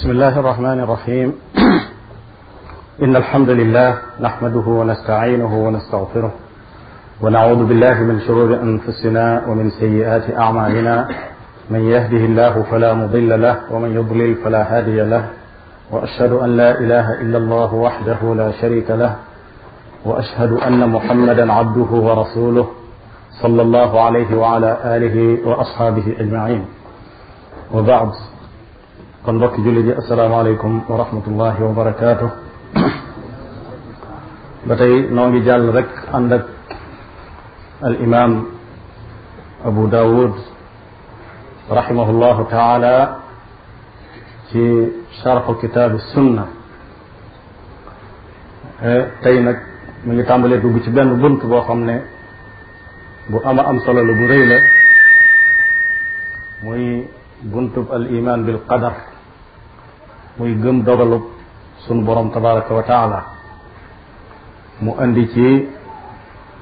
بسم الله الرحمن الرحيم إن الحمد لله نحمده ونستعينه ونستغفره ونعوذ بالله من شرور أنفسنا ومن سيئات أعمالنا من يهده الله فلا مضل له ومن يضلل فلا هادي له وأشهد أن لا إله إلا الله وحده لا شريك له وأشهد أن محمدا عبده ورسوله صلى الله عليه وعلى آله وأصحابه أجمعين وبعد kon mbokki jullit yi asalaamaaleykum wa rahmatullahi wa barakaatu ba tey noo ngi jàll rek ànd ak al imam abu dawud rahimahullahu taala ci charxu kitaabi sunna tey nag mu ngi tàmbalee dugg ci benn bunt boo xam ne bu ama am solo la bu rëy la muy buntub al iman bil qadar muy gëm dogalub sunu borom tabaraka wa taala mu indi ci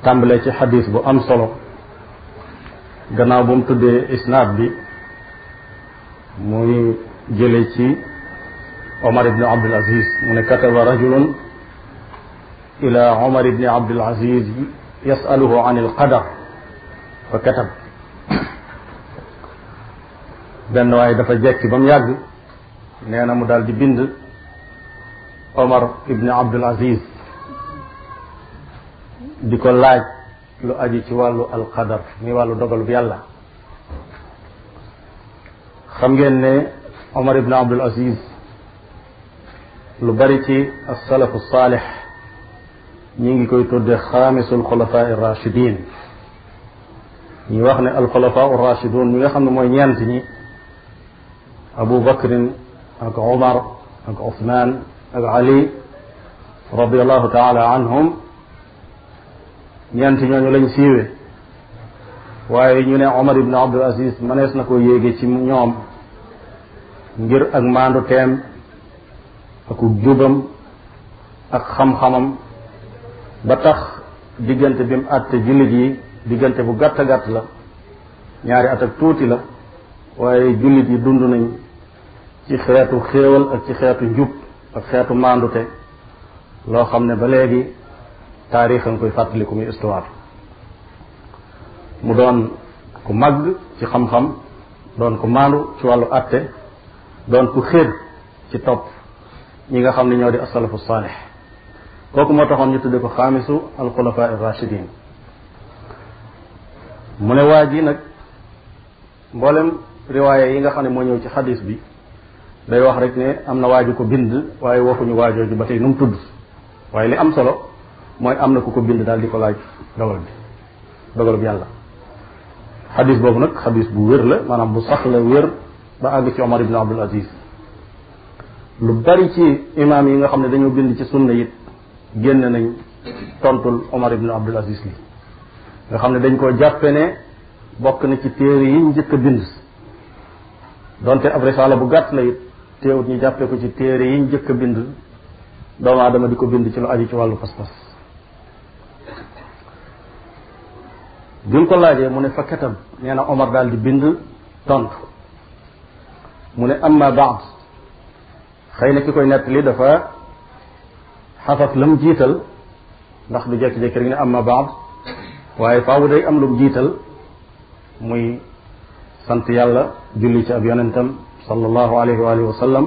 tàmbale ci xadis bu am solo gannaaw bu mu tuddee isnaad bi muy jële ci Omar ibn Abdul Aziz mu ne kataba rajulun ila Omar ibn Abdul Aziz yasaluhu an alqadar fa katab benn waaye dafa jekki ba mu yàgg nee na mu daal di bind Omar ibn Abdul di ko laaj lu aju ci wàllu alqadar muy wàllu dogal bi yàlla xam ngeen ne Omar ibn lu bari ci asalafu saalix ngi koy tuddee xaamisul xulafaa irrachidin ñi wax ne alxulafaa irrachidun ñi nga xam ne mooy ñeent ñi Abu Bakrin ak Omar ak Ousmane ak Ali radiallahu taala anhum ñeent ñooñu lañ siiwe waaye ñu ne Omar ibn Abdul Aziz mënees na ko yéege ci ñoom ngir ak maandu teem ak jubam ak xam-xamam ba tax diggante bi mu àtte jullit yi diggante bu gàtt gàtt la ñaari at ak tuuti la waaye jullit yi dund nañ ci xeetu xéewal ak ci xeetu njub ak xeetu maandute loo xam ne ba léegi taarix a nga koy fàttaliku muy mu doon ku mag ci xam-xam doon ku maandu ci wàllu atte doon ku xéer ci topp ñi nga xam ne ñoo di asalafu saalix kooku moo taxoon ñu tudde ko xaamisu alxulafaa irrachidin mu ne waa ji nag mboolem riwaaya yi nga xam ne moo ñëw ci xadis bi day wax rek ne am na waaju ko bind waaye waxuñu waajoo ji ba tey nu mu tudd waaye li am solo mooy am na ku ko bind daal di ko laaj dogal bi dogalub yàlla xadis boobu nag xadis bu wér la maanaam bu sax la wér ba àgg ci Omar ibn Abdul Aziz lu bari ci imaam yi nga xam ne dañoo bind ci sunna it génn nañ tontul Omar ibn Abdul Aziz li nga xam ne dañ koo jàppe ne bokk na ci téere yi njëkk a bind donte ab risaala bu gàtt la it teewut ñu jàppee ko ci téere yi njëkk jëkk a bind doomu aadama di ko bind ci lu aju ci wàllu pas-pas bi ko laajee mu ne fa katab nee na Omar daal di bind tontu mu ne amma baad xëy na ki koy nettali dafa xasaf la mu jiital ndax du jekki-jekki rek ne amma baad waaye faawu day am lu mu jiital muy sant yàlla julli ci ab sallallahu alayhi wa alihi wa sallam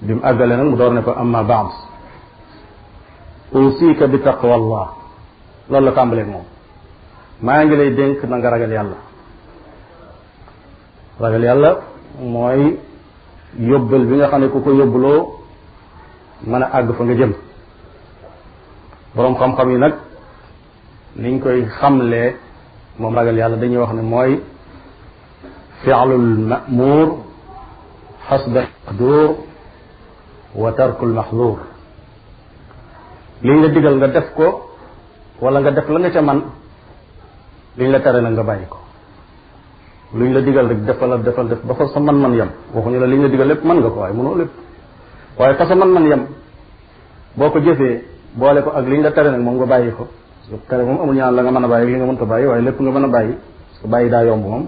bi mu àggale nag mu door ne ko amma baad usika bi taqwallah loolu la tàmbaleeg moom maa ngi lay dénk na nga ragal yàlla ragal yàlla mooy yóbbal bi nga xam ne ku ko yóbbuloo mën a àgg fa nga jëm boroom xam-xam yi nag niñ koy xamlee moom ragal yàlla dañuy wax ne mooy fi'lul ma'mur xasb almaqduur wa tarku almaxduur liñ la digal nga def ko wala nga def la nga ca man liñ la tere na nga bàyyi ko luñ la digal rek defal defal def ba fa sa man yam yem ñu la liñ la digal lépp man nga ko waaye mënoo lépp waaye fa sa man-man yem boo ko jëfee boole ko ak liñ la tere nag moom nga bàyyi ko su tere moom amul la nga mën a bàyyi li nga mënta bàyyi waaye lépp nga mën a bayi su bàyyi daa yomb moom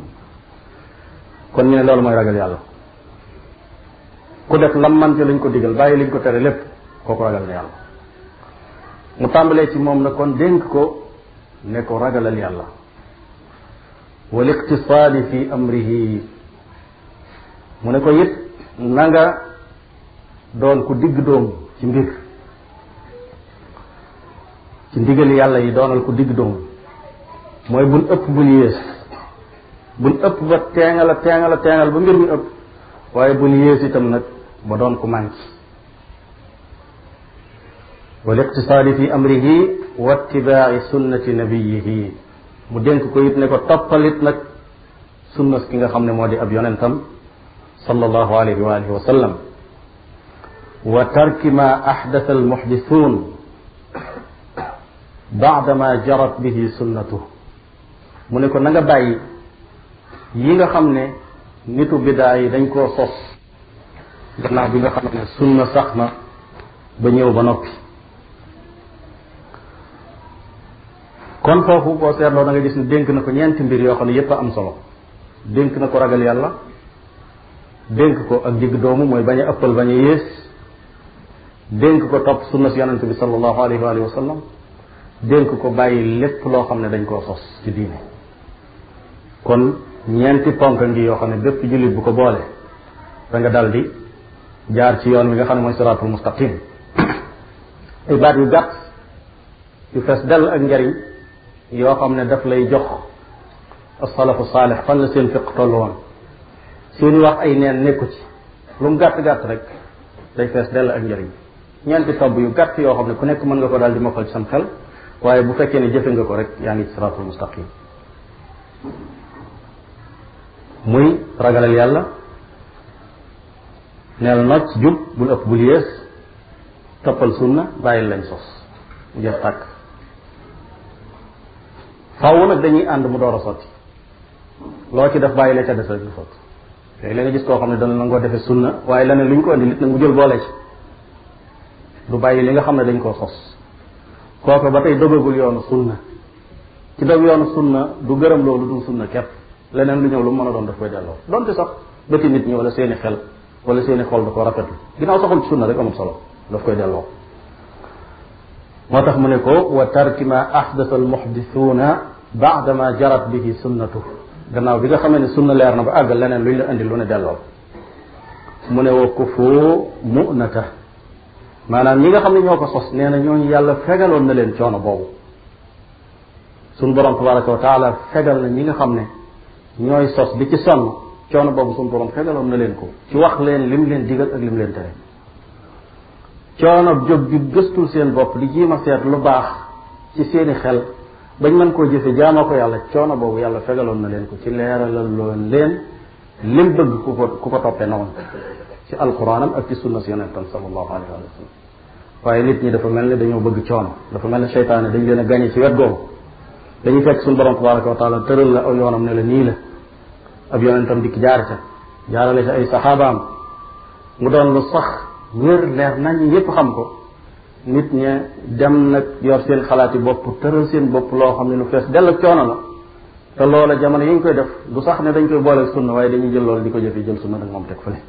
kon ñu ne loolu mooy ragal yàlla ku def lam man ci lañ ko digal bàyyi lañ ko tere lépp kooku ragal na yàlla mu tàmbalee ci moom na kon dénk ko ne ko ragalal yàlla wal iqtisaadi fi amrihi mu ne ko it na doon ku digg doom ci mbir ci ndigali yàlla yi doonal ku digg doom mooy bul ëpp bu yées bul ëpp ba teengal a teengal a ba mbir mi ëpp waaye bul yées itam nag ba doon ku mànk wal iqtisaadi fi amrihi wa ittibaai sunnati nabiyihi mu dénk ko it ne ko toppalit nag sunnas ki nga xam ne moo di ab yonentam sallallahu alayhi wa alihi wa sallam wa tarki ma axdasa almuxdisuun baadama jarat bihi sunnatu mu ne ko na nga bàyyi yi nga xam ne nitu bidaa yi dañ koo sos gannaaw bi nga xam ne sunna sax na ba ñëw ba noppi kon foofu boo seetloo da nga gis ne dénk na ko ñeenti mbir yoo xam ne yépp am solo dénk na ko ragal yàlla dénk ko ak digg doomu mooy bañ a ko topp sunna si yonente bi sallallahu alayhi wa dénk ko bàyyi lépp loo xam ne dañ koo sos ci diine kon ñeenti ponk ngi yoo xam ne bépp jullit bu ko boole da nga daldi jaar ci yoon wi nga xam ne mooy siraatul mustaqim ay baat yu gàtt yu fees dell ak njariñ yoo xam ne daf lay jox asalafu saalix fan la seen fiq tollu woon seeni wax ay neen nekku ci lu mu gàtt rek day fees dell ak njariñ ñeenti tomb yu gàtt yoo xam ne ku nekk mën nga ko daal di mokkal ci sam xel waaye bu fekkee ne jëfe nga ko rek yaa ngi ci siraatul mustaqim muy ragalal yàlla neel nocc jub bul ëpp bul yées toppal sunna bàyyil lañ sos mu jeex tàkk faaw nag dañuy ànd mu door a sotti loo ci def bàyyi la ca des rek lu sotti léegi la nga gis koo xam ne dana nangoo defee sunna waaye leneen lu ñu ko indi nit nag mu jël boole ci du bàyyi li nga xam ne dañ koo sos kooku ba tey dogagul yoonu sunna ci dog yoonu sunna du gërëm loolu du sunna képp leneen lu ñëw lu mën a doon daf koy delloo donte sax bëti nit ñi wala seeni xel wala seeni xol da ko rafetlu ginnaaw saxul ci sunna rek amul solo daf koy delloo moo tax mu ne ko wa tarki ma ahdatha al muhdithuuna baada ma jarat bihi sunnatu gannaaw bi nga xamee ne sunna leer na ba àggal leneen luñ la indi lu ne delloo mu ne wa kufu munata maanaam ñi nga xam ne ñoo ko sos nee na ñooñu yàlla fegaloon na leen coono boobu suñ borom tabaraka wa taala fegal na ñi nga xam ne ñooy sos di ci sonn coono boobu suñu borom fegaloon na leen ko ci wax leen lim leen digal ak lim leen tere coono jóg ju gëstul seen bopp di jiima seet lu baax ci i xel bañ mën koo jëfe jaamoo ko yàlla coono boobu yàlla fegaloon na leen ko ci leeralal loon leen lim bëgg ku ko ku ko toppee na woon ci alquranam ak ci sunna si yonentam sallallahu alayhi wa sallam waaye nit ñi dafa mel ne dañoo bëgg coono dafa mel ne seytaane dañ leen a gañe ci wet googu dañuy fekk suñu borom tabaraka wa taala la aw yoonam ne la ab yonentam dikk jaar ca jaarale ca ay saxaabaam mu doon lu sax wér leer nañ yépp xam ko nit ña dem nag yor seen xalaati bopp tëral seen bopp loo xam ne lu fees dell ak coono la te loola jamono yi ñu koy def du sax ne dañ koy boole sunna waaye dañuy jël loolu di ko jëfee jël sunna nag moom teg fële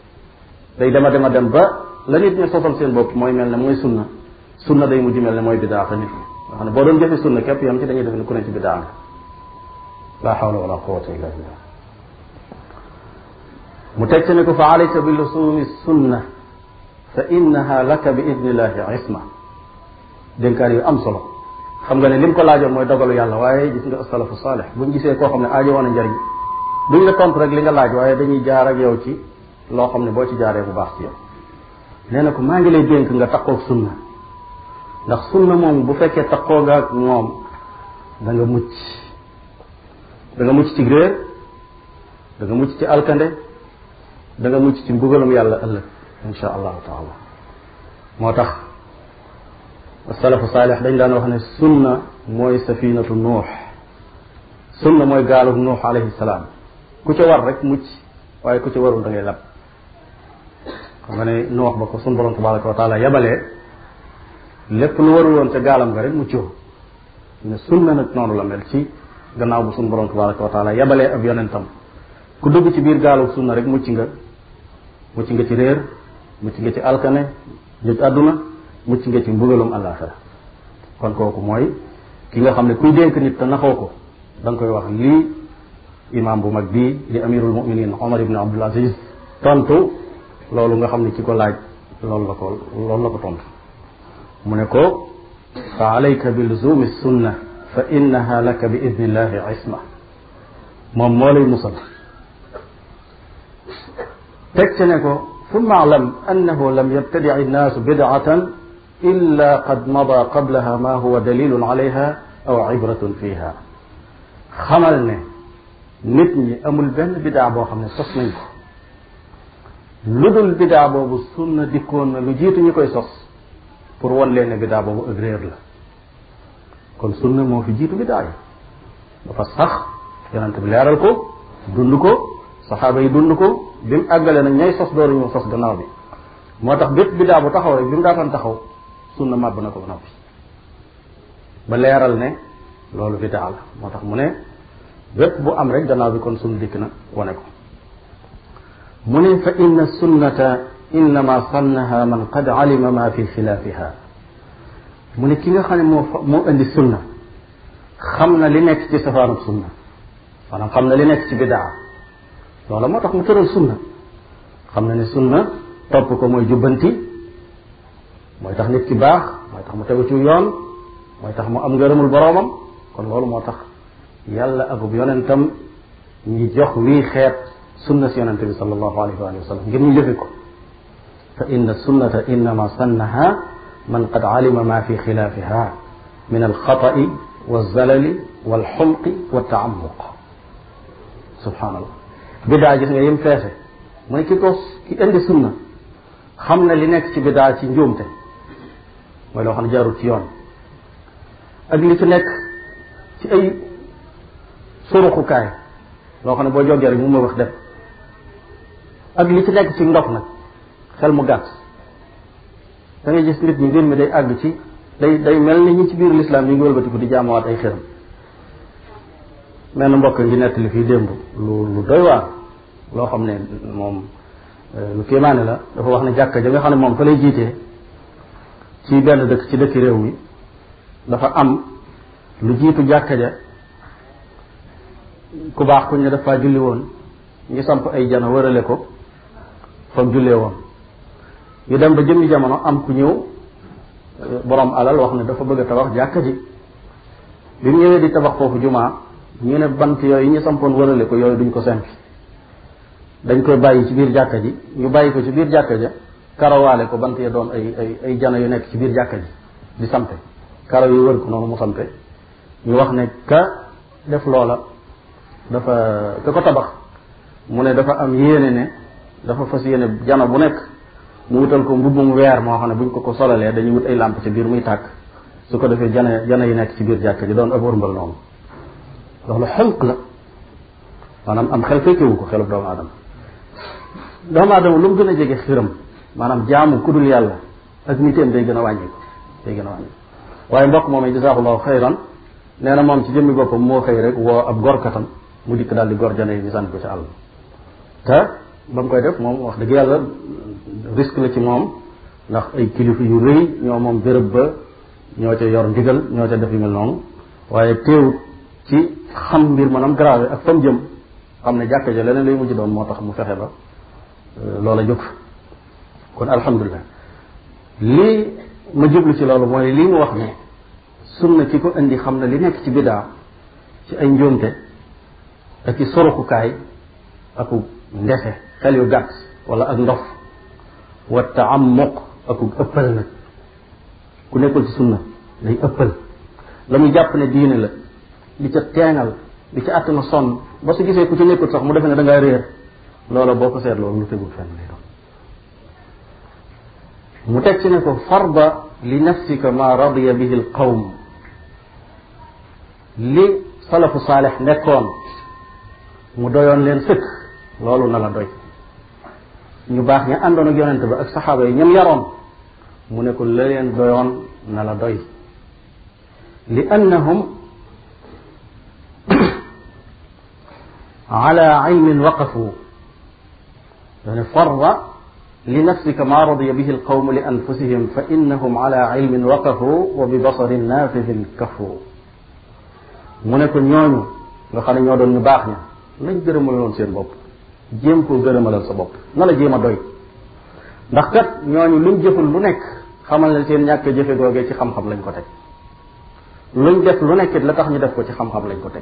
day dema dema dem ba la nit ña sosal seen bopp mooy mel ne mooy sunna sunna day mujj mel ne mooy bidaa fa nit ñi ne boo doon jëfe sunna képp yam ci dañuy def ne ku ne ci bidaa nga laa xawla wala quwata mu teg ci ne ko fa alayka bi lusumi sunna fa innaha laka bi idnillahi isma dénkaan yu am solo xam nga ne lim ko laajoon mooy dogalu yàlla waaye gis a salafu saalix buñ gisee koo xam ne aajo woon a njariñ duñ la tontu rek li nga laaj waaye dañuy jaar ak yow ci loo xam ne boo ci jaaree bu baax ci yow nee na ko maa ngi lay dénk nga taqoog sunna ndax sunna moom bu fekkee taqoo nga ak moom danga nga mucc da nga ci réer da mucc ci alkande da nga mucc ci mbugalum yàlla ëllëg insha allahu taala moo tax asalafu saalix dañ daan wax ne sunna mooy safinatu nuux sunna mooy gaalu nuux alayhi salaam ku ca war rek mucc waaye ku ca warul da ngay lab xam nga ne nuux ba ko sun borom tabaraka wa taala yabalee lépp lu warul woon ca gaalam nga rek muccoo ne sunna nag la ci gannaaw bu sun borom tabaraka wa taala yabalee ab yonentam ku dugg ci biir gaalu sunna rek mucc nga mucc nga ci réer mucc nga ci alkane ñuj àdduna mucc nga ci mbugalum àllaaxira kon kooku mooy ki nga xam ne kuy dénk nit te naxoo ko da nga koy wax lii imaam bu mag bii di amirul muminin omar ibn abdul aziz tontu loolu nga xam ne ci ko laaj loolu la ko loolu la ko tontu mu ne ko fa alayka bi luzumi sunna fa innaha laka bi idnillahi isma moom moo lay musal teg ci ne ko summa alam annahu lam yabtadi annaasu bidaatan illa qad mada qablaha ma huwa dalilun alayha aw ibratun fiha xamal ne nit ñi amul benn bidaa boo xam ne sos nañ ko lu dul bidaa boobu sunna dikkoon na lu jiitu ñu koy sos pour wan leen ne bidaa boobu ak réer la kon sunna moo fi jiitu bidaa yi dafa sax yonent bi leeral ko dund ko saxaaba yi dund ko bi mu àggalee nag ñooy sos dooru ñu sos gannaaw bi moo tax bépp bidaa bu taxaw rek bi mu daataan taxaw sunna màbb na ko ba noppi ba leeral ne loolu bidaa moo tax mu ne bépp bu am rek gannaaw bi kon sunna dikk na wane ko mu ne fa inna sunnata innama sannaha man qad alima ma fi xilaafiha mu ne ki nga xam ne moo moo indi sunna xam na li nekk ci safaanub sunna maanaam xam na li nekk ci bidaa loola moo tax mu tëral sunna xam na ne sunna topp ko mooy jubbanti mooy tax nit ki baax mooy tax mu tegu ci yoon mooy tax mu am ngërëmul boroomam kon loolu moo tax yàlla akub yonentam ñi jox wii xeet sunna si yonente bi sallallahu alayhi wa sallam ngir ñu jëfe ko fa inna sunnata innama sannaha man qad alima ma fi xilaafiha min alxatai wa zalali wa alxumqi wa taamuq subhanallah biddaa gis nga yim feese mooy ki ko ki indi sunna xam ne li nekk ci biddaa ci njuumte mooy loo xam ne jaarul ci yoon ak li ci nekk ci ay suruxukaay loo xam ne boo jógee rek mu ma wax def ak li ci nekk ci ndox nag xel mu gàtt da ngay gis nit ñi mbir mi day àgg ci day day mel ni ñi ci biir lislaam ñu ngi ku di jaamuwaat ay xëram menn mbokk ngi nettali fii démb lu lu doy waar loo xam ne moom euh, lu kéemaane la dafa wax ne jàkka ja nga xam ne moom fa lay jiitee ci benn dëkk ci dëkki réew mi dafa am lu jiitu jàkka ja ku baax ku ñu dafa julli woon ñu samp ay jana wërale ko fam woon ñu dem ba jëmmi jamono am ku ñëw euh, borom alal wax ne dafa bëgg a tabax jàkka ji bi mu ñëwee di tabax foofu jumaa ñu ne bant yooyu ñu sampoon wërale ko yooyu duñ ko sempi dañ koy bàyyi ci biir jàkka ji ñu bàyyi ko ci biir jàkka ja karawaale ko bant ya doon ay ay ay yu nekk ci biir jàkka ji di sampe karaw yu wër ko noonu mu sampe ñu wax ne ka def loola dafa ka ko tabax mu ne dafa am yéene ne dafa fas yéene jana bu nekk mu wutal ko mbubbum weer moo xam ne buñ ko ko solalee dañuy wut ay làmp ci biir muy tàkk su ko defee jana jana yi nekk ci biir jàkka ji doon ab wërmbal noonu loolu xelq la maanaam am xel fekkewu ko xelub doomu aadama doomu aadama lu mu gën a jege xiram maanaam jaamu ku yàlla ak niteem day gën a wàññi ko day gën a wàññi waaye mbokk moom it jazaahullahu xayran nee na moom ci jëmmi boppam moo xëy rek woo ab gorkatam mu dikk daal di gor jane yi ñu sànni ko ci àll te ba koy def moom wax dëgg yàlla risque la ci moom ndax ay kilifa yu rëy ñoo moom béréb ba ñoo ca yor ndigal ñoo ca def yu mel noonu waaye teewut xam mbir maanaam grave ak fam jëm xam ne jàkka ja leneen lay mujj doon moo tax mu fexe ba euh, loola jóg kon alhamdulilah lii ma jublu ci loolu mooy lii mu wax ne sunna ki ko indi xam ne li nekk ci bidaa ci ay njuumte ak i sorukukaay aku ndese xel yu gàtt wala ak ndof wa taamuq aku ëppal nag ku nekkul ci sunna day ëppal la muy jàpp ne diine la di ca teengal di ca attana sonn ba su gisee ku ci nekkul sax mu defe ne da ngaa réer loola boo ko seetloo lu tegul fenn lay doon mu teg ci ne ko farda li nafsika ma radiya bihi al li salafu saalix nekkoon mu doyoon leen sëkk loolu na la doy ñu baax ña àndoon ak yonente ba ak saxaaba yi ñam yaroon mu ne ko la leen doyoon na la doy li على علم وقفوا يعني فر لنفسك ما رضي به القوم لأنفسهم فإنهم على علم وقفوا وببصر نافذ كفوا mu ne ko ñooñu nga xam ne ñoo doon ñu baax ña nañ gërëmaloon seen bopp jéem koo gërëmalal sa bopp na la jéem a doy ndax kat ñooñu luñ jëful lu nekk xamal ne seen ñàkk jëfe googee ci xam-xam lañ ko teg luñ def lu nekkit la tax ñu def ko ci xam-xam lañ ko teg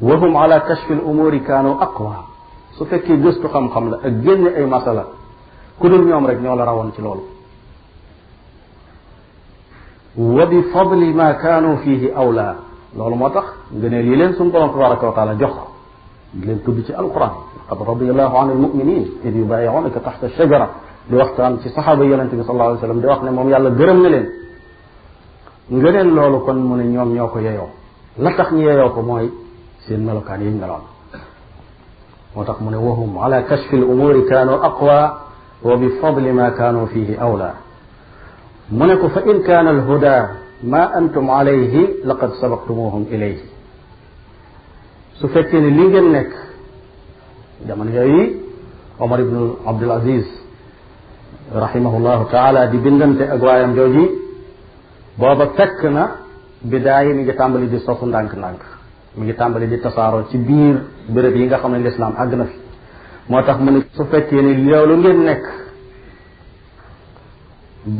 wahum ala kashfil umuri kaanu aqwa su fekkee gëstu xam-xam la ak génne ay masala ku dul ñoom rek ñoo la rawoon ci loolu wa bi fadli ma kaanu fihi awla loolu moo tax ngëneel yi leen suñu borom tabaraka wa taala jox di leen tudd ci alquran laqad radiallahu an almuminin id yubayiunaka taxta shajara di waxtaan ci saxaaba yonente bi sallallahu alayhi wa sallam di wax ne moom yàlla gërëm na leen ngëneel loolu kon mu ne ñoom ñoo ko yeyoo la tax ñu yeyoo ko mooy seen melokaan yiñ meloon moo tax mu ne wahum ala kashfi al umuri kaanu aqwa wa bi fadli ma kaanu fihi awla mu ne ko fa in kaana al huda ma antum alayhi laqad sabaqtumuhum ilayhi su fekkee ne li ngeen nekk jamono yooyu Omar ibnu Abdul Aziz rahimahullahu taala di bindante ak waayam jooji booba fekk na bidaa yi mi ngi tàmbali di sosu ndànk-ndànk mi ngi tàmbali di tasaaroo ci biir béréb yi nga xam ne lislaam àgg na fi moo tax mu ne su fekkee ne loolu ngeen nekk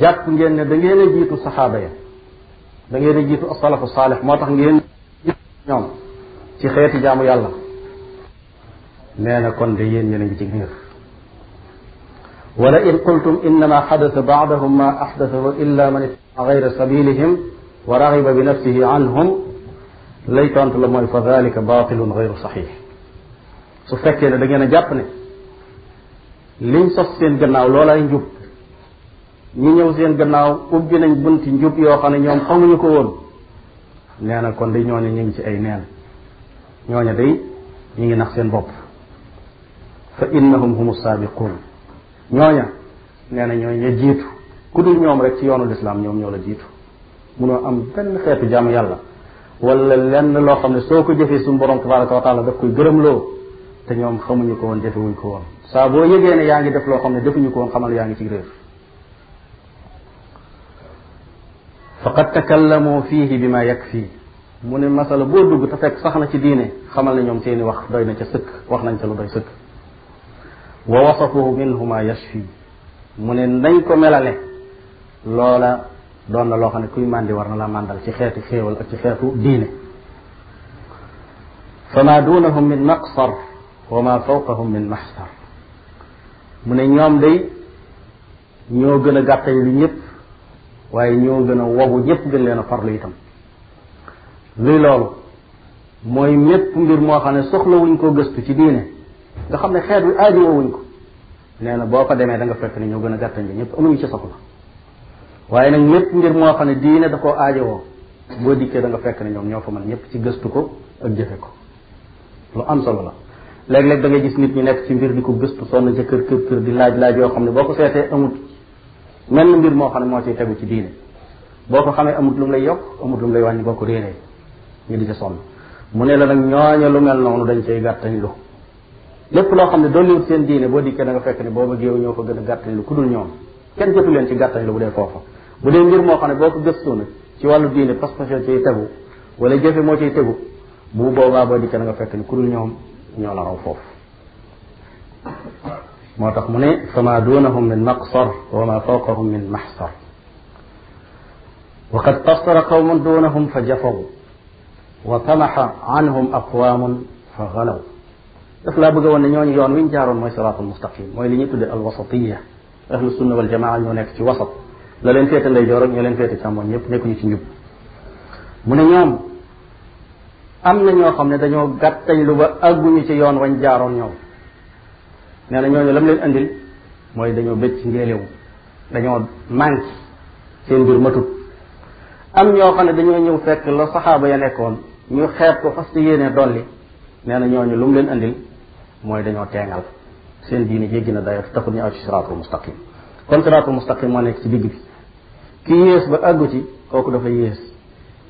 jàpp ngeen ne da ngeen a jiitu saxaaba ya da ngeen a jiitu saalix moo tax ngeen ñoom ci xeeti jaamu yàlla nee na kon de yéen yéen a ngi ci biir wala in qultum innama xadasa baadahum ma axdasahu illa man غayra sabilihim wa raxiba bi nafsihi anhum lay tontu la mooy fa dalika batilun gayru saxiix su fekkee ne da ngeen a jàpp ne liñ sos seen gannaaw loolaay njub ñi ñëw seen gannaaw ubbi nañ bunti njub yoo xam ne ñoom xamuñu ko woon na kon di ñooñu ñu ci ay neen ñooñu day ñu ngi nax seen bopp fa innahum humu saabiquun ñooña nee na ñooñu jiitu ku dul ñoom rek ci yoonu lislaam ñoom ñoo la jiitu munoo am benn xeetu jaamu yàlla wala lenn loo xam ne soo ko jëfee suñu borom tabaraka wa taala daf koy gërëmloo te ñoom xamuñu ko woon jëfewuñ ko woon saa boo yëgee ne yaa ngi def loo xam ne defuñu ko woon xamal yaa ngi ci réer faqad takallamu fihi bi ma yakfi mu ne masala boo dugg te fekk sax na ci diine xamal ne ñoom seeni wax doy na ca sëkk wax nañ ca lu doy sëkk wa wasafuhu minhu ma yashfi mu ne nañ ko melale loola doon na loo xam ne kuy màndi war na laa màndal ci xeetu xéewal ak ci xeetu diine fa ma dunahum min maqsar wa ma fawqahum min mahsar mu ne ñoom day ñoo gën a gàttay lu ñëpp waaye ñoo gën a wobu ñëpp gën leen a farlu itam luy loolu mooy mépp mbir moo xam ne soxlawuñ ko gëstu ci diine nga xam ne xeet wi aajowuñ ko nee na boo fa demee da nga fekk ne ñoo gën a gàttañ bi ñëpp amuñu ci soxla waaye nag lépp mbir moo xam ne diine da koo aajowoo boo dikkee da nga fekk ne ñoom ñoo fa man ñëpp ci gëstu ko ak jëfe ko lu am solo la léeg-léeg da ngay gis nit ñi nekk ci mbir di ko gëstu sonn ca kër kër kër di laaj laaj yoo xam ne boo ko seetee amut menn mbir moo xam ne moo ciy tegu ci diine boo ko xamee amut lu mu lay yokk amut lu mu lay wàññi boo ko réeree ñu di ca sonn mu ne la nag ñooñe lu mel noonu dañ cay gàttañ lu lépp loo xam ne dolliwut seen diine boo dikkee da nga fekk ne booba géew ñoo fa gën dul ñoom kenn jotu gàttañ lu bu dee foofa bu dee mbir moo xam ne boo ko gëstoo ci wàllu diine pas-pas yoo ciy wala jëfe moo bu boobaa boo dikkee na fekk ne ku dul ñoom ñoo la raw foofu moo tax mu ne fama duunahum min maqsar wa ma fawqahum min maxsar wa qad qasara qawmun fa jafaw wa tamaxa anhum aqwaamun fa galaw daf laa bëgg a woon ne ñooñu yoon mo ñu jaaroon mooy siraatul mustaqim mooy li ñuy tudde al wasatiya ahlu sunna wal a ñoo nekk ci wasat la leen féete ndeyjoor ak ña leen féete càmmoñ ñëpp nekkuñu ci njub mu ne ñoom am na ñoo xam ne dañoo gàttañ lu ba àgguñu ci yoon wañ jaaroon ñoom nee na ñooñu lam leen andil mooy dañoo bëcc ngéelewu dañoo manque seen mbir matut am ñoo xam ne dañoo ñëw fekk la saxaaba ya nekkoon ñu xeeb ko fas yéene dolli nee na ñooñu lu leen andil mooy dañoo teengal seen diine jéggi na dayoo taxul ñu aw ci siraatul mustaqim kon siraatul mustaqim moo nekk ci digg bi ki yées ba àggu ci kooku dafa yées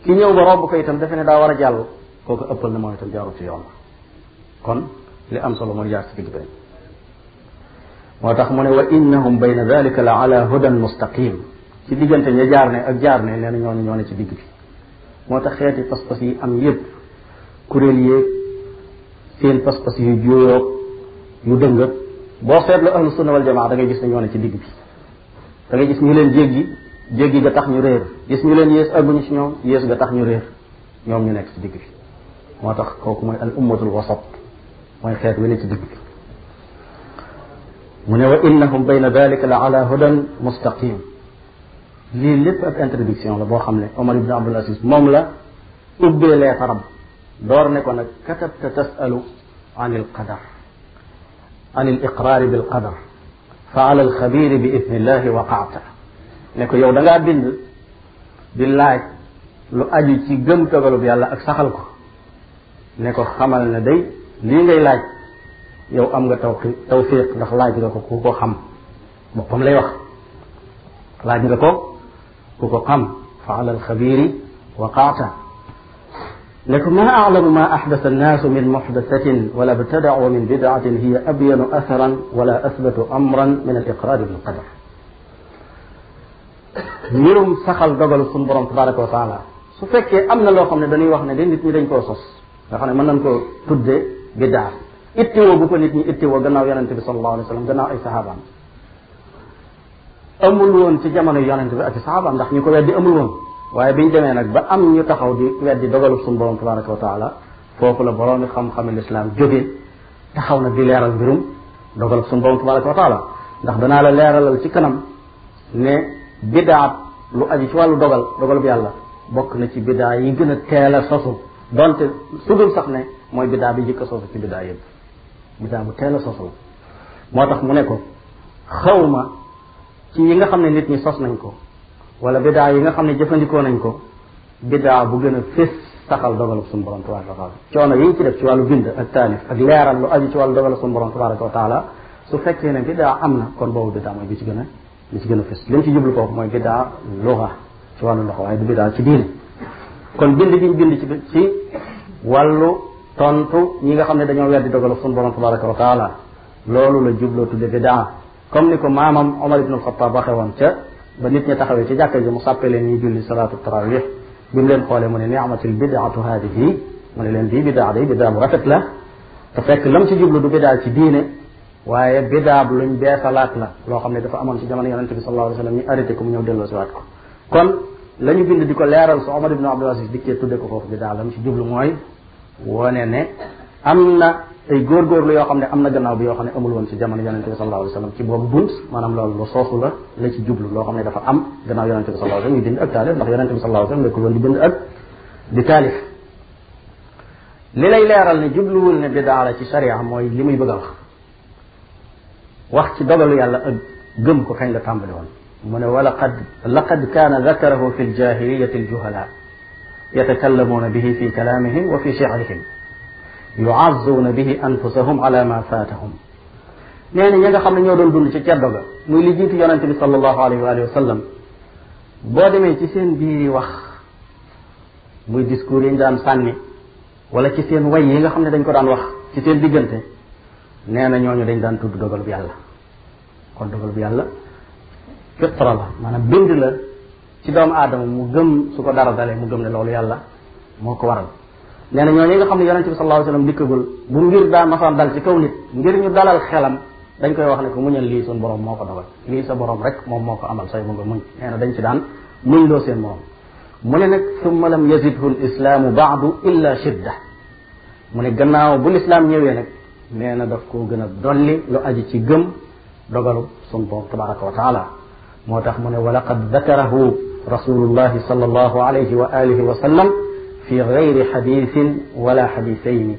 ki ñëw ba romb ko itam defe ne daa war a jàll kooku ëppal na moom itam jaarul ci yoon kon li am solo mooy jaar ci digg benn moo tax mu ne wa innahum bayna dalika la ala hudan mustaqim ci diggante ña jaar ne ak jaar ne nee ñoo ne ñoo ne ci digg bi moo tax xeeti pas-pas yi am yépp kuréel yéeg seen pas-pas yu juyoo yu dëng boo seetlu ahlu sunna wal jamaa da ngay gis ne ñoo ne ci digg bi da ngay gis ñu leen jéggi ga tax ñu réer gis ñu leen yées àgguñu ci ñoom yées ga tax ñu réer ñoom ñu nekk ci digg bi moo tax kooku mooy al ummatul wasat mooy xeet wi ne ci digg bi mu ne wa innahum bayna dalika la ala hudan mustaqim lii lépp ab introduction la boo xam ne Omar ibn Abdul Aziz moom la ubbee lee xarab door ne ko nag katabta tasalu an il qadar an il iqraari bil qadar fa ala al xabiri bi idnillahi waqaata ne ko yow da ngaa bind di laaj lu aju ci gëm dogalub yàlla ak saxal ko ne ko xamal ne day lii ngay laaj yow am nga taw tawfiq ndax laaj nga ko ku ko xam boppam lay wax laaj nga ko ku ko xam fa ala alxabiri waqaata ne ko ma alamu ma axdasa annaasu min muxdasatin wala btadacu min bidacatin hiya abyanu atharan wala asbatu amran min aliqraari bilqadar mbirum saxal dogalu suñu borom tabaraka wa taala su fekkee am na loo xam ne dañuy wax ne de nit ñi dañ koo sos nga xam ne mën nañ koo tuddee biddaa ittiwoo bu ko nit ñi ittiwoo gannaaw yonente bi sallallahu alayhi wa sallam gannaaw ay saxaabaam amul woon ci jamono yonente bi ak saxaabaam ndax ñu ko weddi amul woon waaye biñ demee nag ba am ñu taxaw di weddi dogalu suñu borom tabaraka wa taala foofu la boroomi xam-xami lislaam joge taxaw na di leeral mbirum dogalu suñu borom tabaraka ci kanam bidaa lu aju ci wàllu dogal dogalub yàlla bokk na ci bidaa yi gën a teel a sosu donte su dul sax ne mooy bidaa bi jëkk a sosu ci bidaa yëpp bidaa bu teel a sosu moo tax mu ne ko xawma ci yi nga xam ne nit ñi sos nañ ko wala bidaa yi nga xam ne jëfandikoo nañ ko bidaa bu gën a fés saxal dogalub suñu borom tabaraka wa taala coono yi ñu ci def ci wàllu bind ak taalif ak leeral lu aju ci wàllu dogalub suñu borom tabaraka wa taala su fekkee ne bidaa am na kon boobu bidaa mooy bi gën li ci gën a fës liñ jublu ko mooy biddaa luxa ci wàllu loxo waaye du biddaa ci diine kon bind bi ñu bind ci ci wàllu tontu ñi nga xam ne dañoo weddi dogalu sunu borom tabaraka wa taala loolu la jubloo tudde biddaa comme ni ko maamam Omar ibn al waxe woon ca ba nit ñi taxawee ci jàkka ji mu sàppe leen ñuy julli salaatu tarawih bi mu leen xoolee mu ne ni'matul bid'atu haadihi mu ne leen bii biddaa day biddaa bu rafet la te fekk lam ci jublu du biddaa ci diine waaye bidaa bu luñ beesalaat la loo xam ne dafa amoon ci jamono yonente bi sallallahu alayhi wasallam ñu arrêté ko mu ñëw delloo siwaat ko kon la ñu bind di ko leeral su Omar ibn Abdul Aziz dikkee tudde ko foofu bidaa la mu ci jublu mooy wone ne am na ay góorgóorlu yoo xam ne am na gannaaw bi yoo xam ne amul woon ci jamono yonente bi sallallahu alayhi wasallam ci boobu bunt maanaam loolu lu soosu la la ci jublu loo xam ne dafa am gannaaw yonente bi sallallahu alayhi wasallam ñu bind ak taalif ndax yonente bi sallallahu alayhi wasallam nekkul woon di bind ak di taalif li lay leeral ne jubluwul ne bidaa la ci sharia mooy li muy bëgg a wax wax ci dogalu yàlla ak gëm ko kañ la tàmbali woon mu ne wa laqad laqad kaana dakarahu fi ljahiliyati aljuhala yatakallamuuna bihi fi kalaamihim wa fi shi'rihim yu'azzuuna bihi anfusahum ala ma faatahum nee na ñi nga xam ne ñoo doon dund ci ceddo ga muy li jiitu yonente bi sallallahu alayhi wa alihi wa sallam boo demee ci seen biiri wax muy discours yi ñu daan sànni wala ci seen way yi nga xam ne dañ ko daan wax ci seen diggante nee na ñooñu dañ daan tudd dogalub yàlla kon dogal bu yàlla fitra la maanaam bind la ci doomu aadama mu gëm su ko dara dalee mu gëm ne loolu yàlla moo ko waral nee na ñooñu nga xam ne yonente bi sallallahu alayhi wasallam bu ngir daa masaan dal ci kaw nit ngir ñu dalal xelam dañ koy wax ne ko muñal lii sun borom moo ko dogal lii sa borom rek moom moo ko amal say mu nga muñ nee na dañ ci daan muñ loo morom mu ne nag summa lam yazidhu l islaamu baadu illa shidda mu ne gannaaw bu lislaam ñëwee nag nee na daf koo gën a dolli lu aji ci gëm dogalu sun borom tabaraka wa taala moo tax mu ne wa laqad dakarahu rasulullahi sallallahu alayhi wa alihi wa sallam fi gayri xadisin wala xadisayni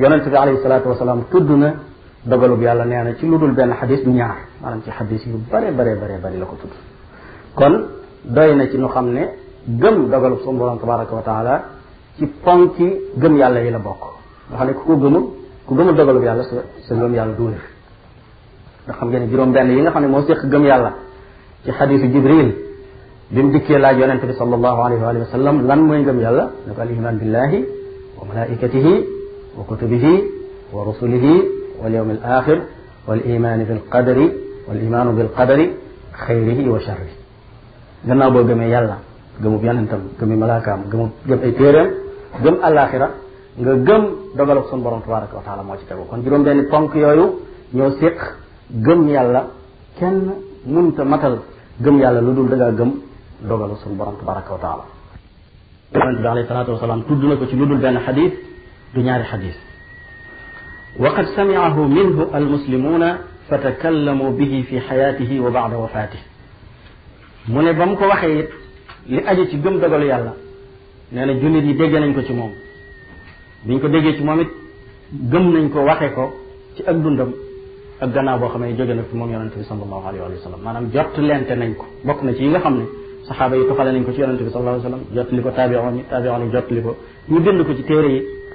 yonent bi alayhi salaatu wa salaam tudd na dogalub yàlla nee na ci lu dul benn xadis du ñaar maanaam ci xadis yu bare bare bare bari la ko tudd kon doy na ci nu xam ne gëm dogalub sun borom tabaraka wa taala ci ponki gëm yàlla yi la bokk nga xam ne ku ko gëmul ku gëmul dogalub yàlla sa sa gëm yàlla du wér nga xam ngeen ne juróom-benn yi nga xam ne moo séq gëm yàlla ci xadiisu Jibril bi mu dikkee laaj yonente bi sallallahu alayhi wa sallam lan mooy ngëm yàlla ne ko al iman billahi wa malaikatihi wa kutubihi wa rusulihi wal yawm al axir wal iman bil qadari wal imanu bil qadari xayrihi wa sharrihi gannaaw boo gëmee yàlla gëmub yonentam gëmi malaakaam gëmub gëm ay téeréem gëm alaxira nga gëm dogalub sun borom tabaraka wa taala moo ci tegu kon juróom benni ponk yooyu ñoo séq gëm yàlla kenn mënta matal gëm yàlla lu dul dangaa gëm dogalu suñu borom tabaraka wa taala yonent bi alayhi salaatu wasalaam tudd na ko ci lu dul benn xadis du ñaari xadis wa qad samiahu minhu almuslimuna fa takallamu bihi fi xayaatihi wa bada wafaatihi mu ne ba mu ko waxee it li aju ci gëm dogalu yàlla nee na jullit yi dégg nañ ko ci moom biñ ko déggee ci moom gëm nañ ko waxe ko ci ak dundam ak gannaaw boo xam ne jóge na fi moom yonente bi sallallahu alayhi wa sallam maanaam jot lente nañ ko bokk na ci yi nga xam ne saxaaba yi toxale nañ ko ci yonente bi sallallahu alayhi wa sallam jot li ko taabiroon yi taabiroon jot li ko ñu ko ci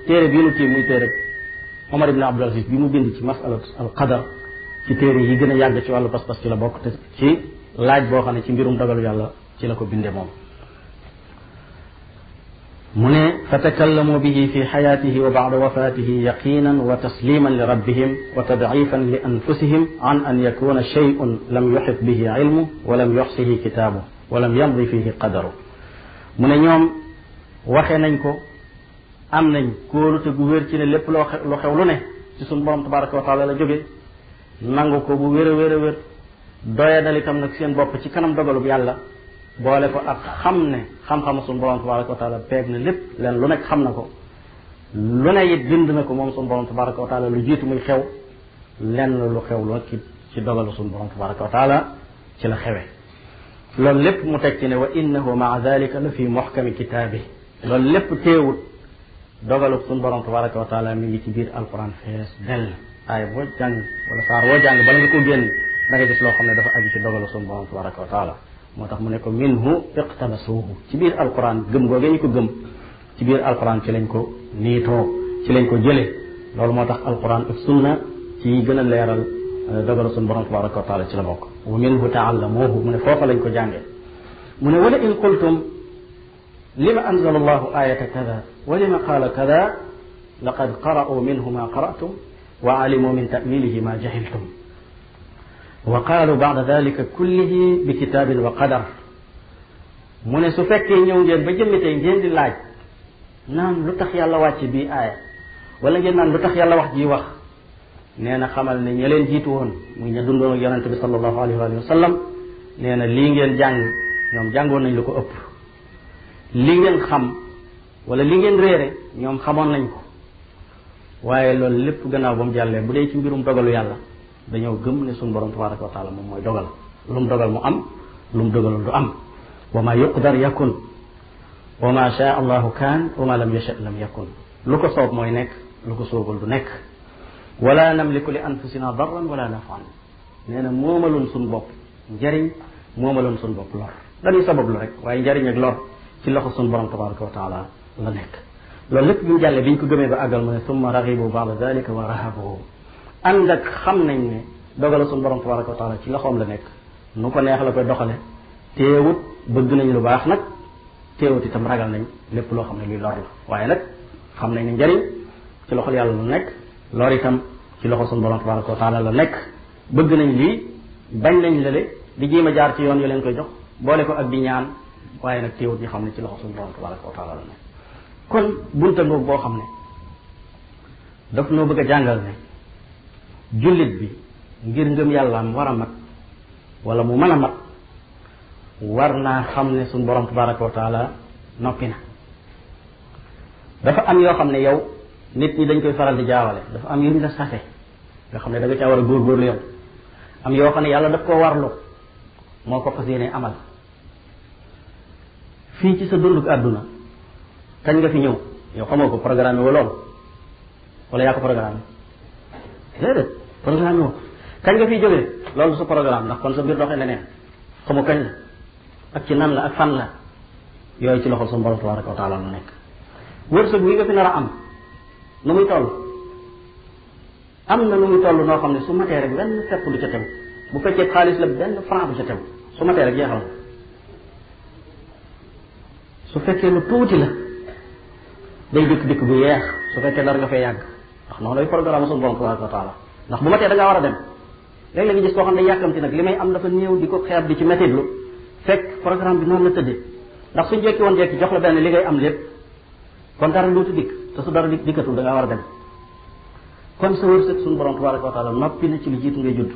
téere yi nu kii muy téere Omar ibn mu bind ci masalat qadar ci téere yi gën a yàgg ci wàllu pas-pas ci la bokk te ci laaj boo xam ne ci mbirum dogalu yàlla ci la ko binde moom mu ne fa takallamu bihi fi xayaatihi wa bacda wafaatihi yaqinan wa tasliman li rabbihim wa tadcifan li anfusihim an an yakuna shay'un lam yuxit bihi cilmu wa lam yuxsihi kitaabu wa lam yamdi fihi qadaru mu ne ñoom waxee nañ ko am nañ kóolute gu wér ci ne lépp loo lu xew lu ne ci suñu borom tabaraka wa taala la jóge nangu ko bu wér a wér a wér doya dal itam nag seen bopp ci kanam dogalub yàlla boole ko ak xam ne xam-xamu suñu borom tabaraka wa na lépp leen lu nekk xam na ko lu ne it bind na ko moom suñu borom tabaraka lu jiitu muy xew lenn lu xew lu ci ci dogalu suñu borom tabaraka wa taala ci la xewe loolu lépp mu teg ci ne wa innahu maa dalika la fi muhkami kitaabi loolu lépp teewut dogalu suñu borom tabaraka wa taala mi ngi ci biir alquran fees dell aay boo jàng wala saar boo jàng bala nga ko génn loo xam ne dafa aju ci dogalu suñu borom tabaraka wa taala moo tax mu ne ko minhu iqtabasuhu ci biir alquran gëm googee ñu ko gëm ci biir alquran ci lañ ko niitoo ci lañ ko jële loolu moo tax alquran ak sunna ci gën a leeral euh, dogalu suñu borom tabaraka wa taala ci la bokk wa minhu taallamuhu mu ne foofa lañ ko jànge mu ne wala in qultum lima anzala allahu ayata kada wa lima qaala kada laqad qara'u minhu ma qara'tum wa alimu min ta'wilihi ma jahiltum waqaalu baada dalika kullihi bi kitaabin wa qadar mu ne su fekkee ñëw ngeen ba jëmmi tey ngeen di laaj naan lu tax yàlla wàcc bii aaya wala ngeen naan lu tax yàlla wax jii wax nee na xamal ne ña leen jiitu woon muy ña dundoon ak yonente bi sallallahu alayhi wa sallam nee na lii ngeen jàng ñoom jàngoon nañ lu ko ëpp li ngeen xam wala li ngeen réere ñoom xamoon nañ ko waaye loolu lépp gannaaw ba mu bu dee ci mbirum dogalu yàlla dañoo gëm ne suñu borom tabaraka wa taala moom mooy dogal lu mu dogal mu am lu mu dogalul du am wa ma yuqdar yakun wa ma shaa allahu kaan wa ma lam yasha lam yakun lu ko soob mooy nekk lu ko soobul du nekk wala namliku li anfusina darran wala nafan nee na moomaloon suñu bopp njariñ moomaloon suñu bopp lor dañuy sabab lu rek waaye njariñ ak lor ci loxo suñu borom tabaraka wa taala la nekk loolu lépp bi mu jàllee bi ñu ko gëmee ba àggal mu ne summa raxibu baada dalika wa rahabu ànd ak xam nañ ne dogalu suñu borom tabaraka wa ci loxoom la nekk nu ko neex la koy doxale teewut bëgg nañ lu baax nag teewut itam ragal nañ lépp loo xam ne luy lor la waaye nag xam nañ ne njariñ ci loxo yàlla la nekk lor itam ci loxo suñu borom tabaraka wa taala la nekk bëgg nañ lii bañ nañ lële di jéem a jaar ci yoon yu leen koy jox boole ko ak di ñaan waaye nag teewut ñu xam ne ci loxo suñu borom tabaraka wa taala la nekk kon bunta xam ne daf noo bëgg a jàngal ne jullit bi ngir ngëm yàllaam war a mat wala mu mën a mat war naa xam ne suñ borom tabaraka wa taala noppi na dafa am yoo xam ne yow nit ñi dañ koy faral di jaawale dafa am yuñ la safe nga xam ne da nga caa war a góorgóorlu yow am yoo xam ne yàlla daf koo warlu moo ko fas yéene amal fii ci sa dundug àdduna kañ nga fi ñëw yow xamoo ko programme wala lool yaa ko programme déedéet programme moom kañ nga fiy jógee loolu sa programme ndax kon sa mbir doxee neneen xamu kañ la ak ci nan la ak fan la yooyu ci loxol suñu borom tabaraka wa taala la nekk wërsëg wi nga fi nar a am nu muy toll lu na toll noo xam ne su matee rek benn pepp du ca tegu bu fekkee xaalis la benn franc du ca tegu su matee rek jeexal su fekkee lu tuuti la dikk bu yeex su fekkee dara nga fay yàgg ndax noonu lay programme suñu borom tabaraka wa ndax bu ma tee da war a dem léeg-léeg nga gis koo xam ne yàkkamti nag li may am dafa néew di ko xeer di ci métitlu fekk programme bi noonu la tëddee ndax suñ jekki woon jekki jox la benn li ngay am lépp kon dara dootu dikk te su dara dikkatul da war a dem kon sa wërsëg suñu borom tabaraka wa taala noppi na ci lu jiitu ngay judd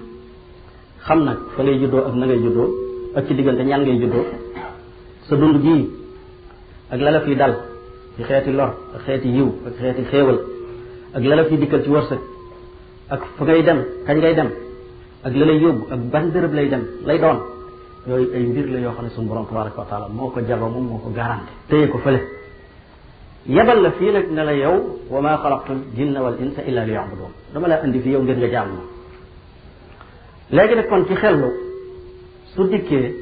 xam nag fa ngay juddoo ak na ngay juddoo ak ci diggante ñan ngay juddoo sa dund gii ak la la fii dal ci xeeti ak la la fi dikkal ci wërsëg ak fa ngay dem kañ ngay dem ak la lay yóbbu ak ban dërëb lay dem lay doon yooyu ay mbir la yoo xam ne suñu borom tabaraka wa moo ko jago moom moo ko garanti téye ko fële yebal la fii nag ne la yow wa ma xalaqtu jinna wal insa illa li yabudun dama laa indi fi yow ngir nga jaam ma léegi nag kon ci xellu su dikkee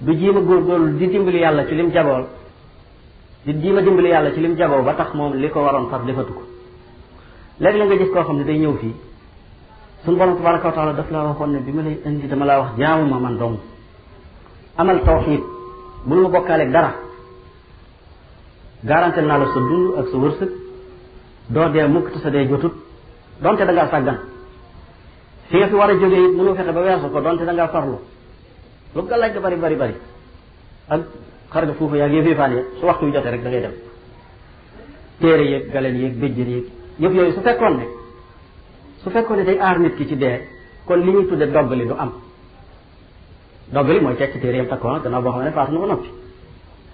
du di dimbali yàlla ci lim jagool di jiima dimbali yàlla ci lim jagoo ba tax moom li ko waroon far defatu ko léegi la nga gis koo xam ne day ñëw fii suñu borom tabaraka wa taala daf laa waxoon ne bi ma lay indi dama laa wax jaamu ma man dong amal tawxiid bul ma bokkaaleeg dara garanté naa la sa dund ak sa wërsëg doo dee mukk te sa dee jotut donte da sàggan fi nga fi war a jógee it mënoo fexe ba weesu ko donte da ngaa farlu lu gàllaaj ga bari bari bari ak xar nga fuufa yaa ngi yëfee faan su waxtu jotee rek da ngay dem téere yeeg galeen yeeg béjjën yëf yooyu su fekkoon ne su fekkoon ne day aar nit ki ci dee kon li ñuy tudde doggali du am doggali mooy tekki téeréem takkoon gannaaw boo xam ne faatu nu ba noppi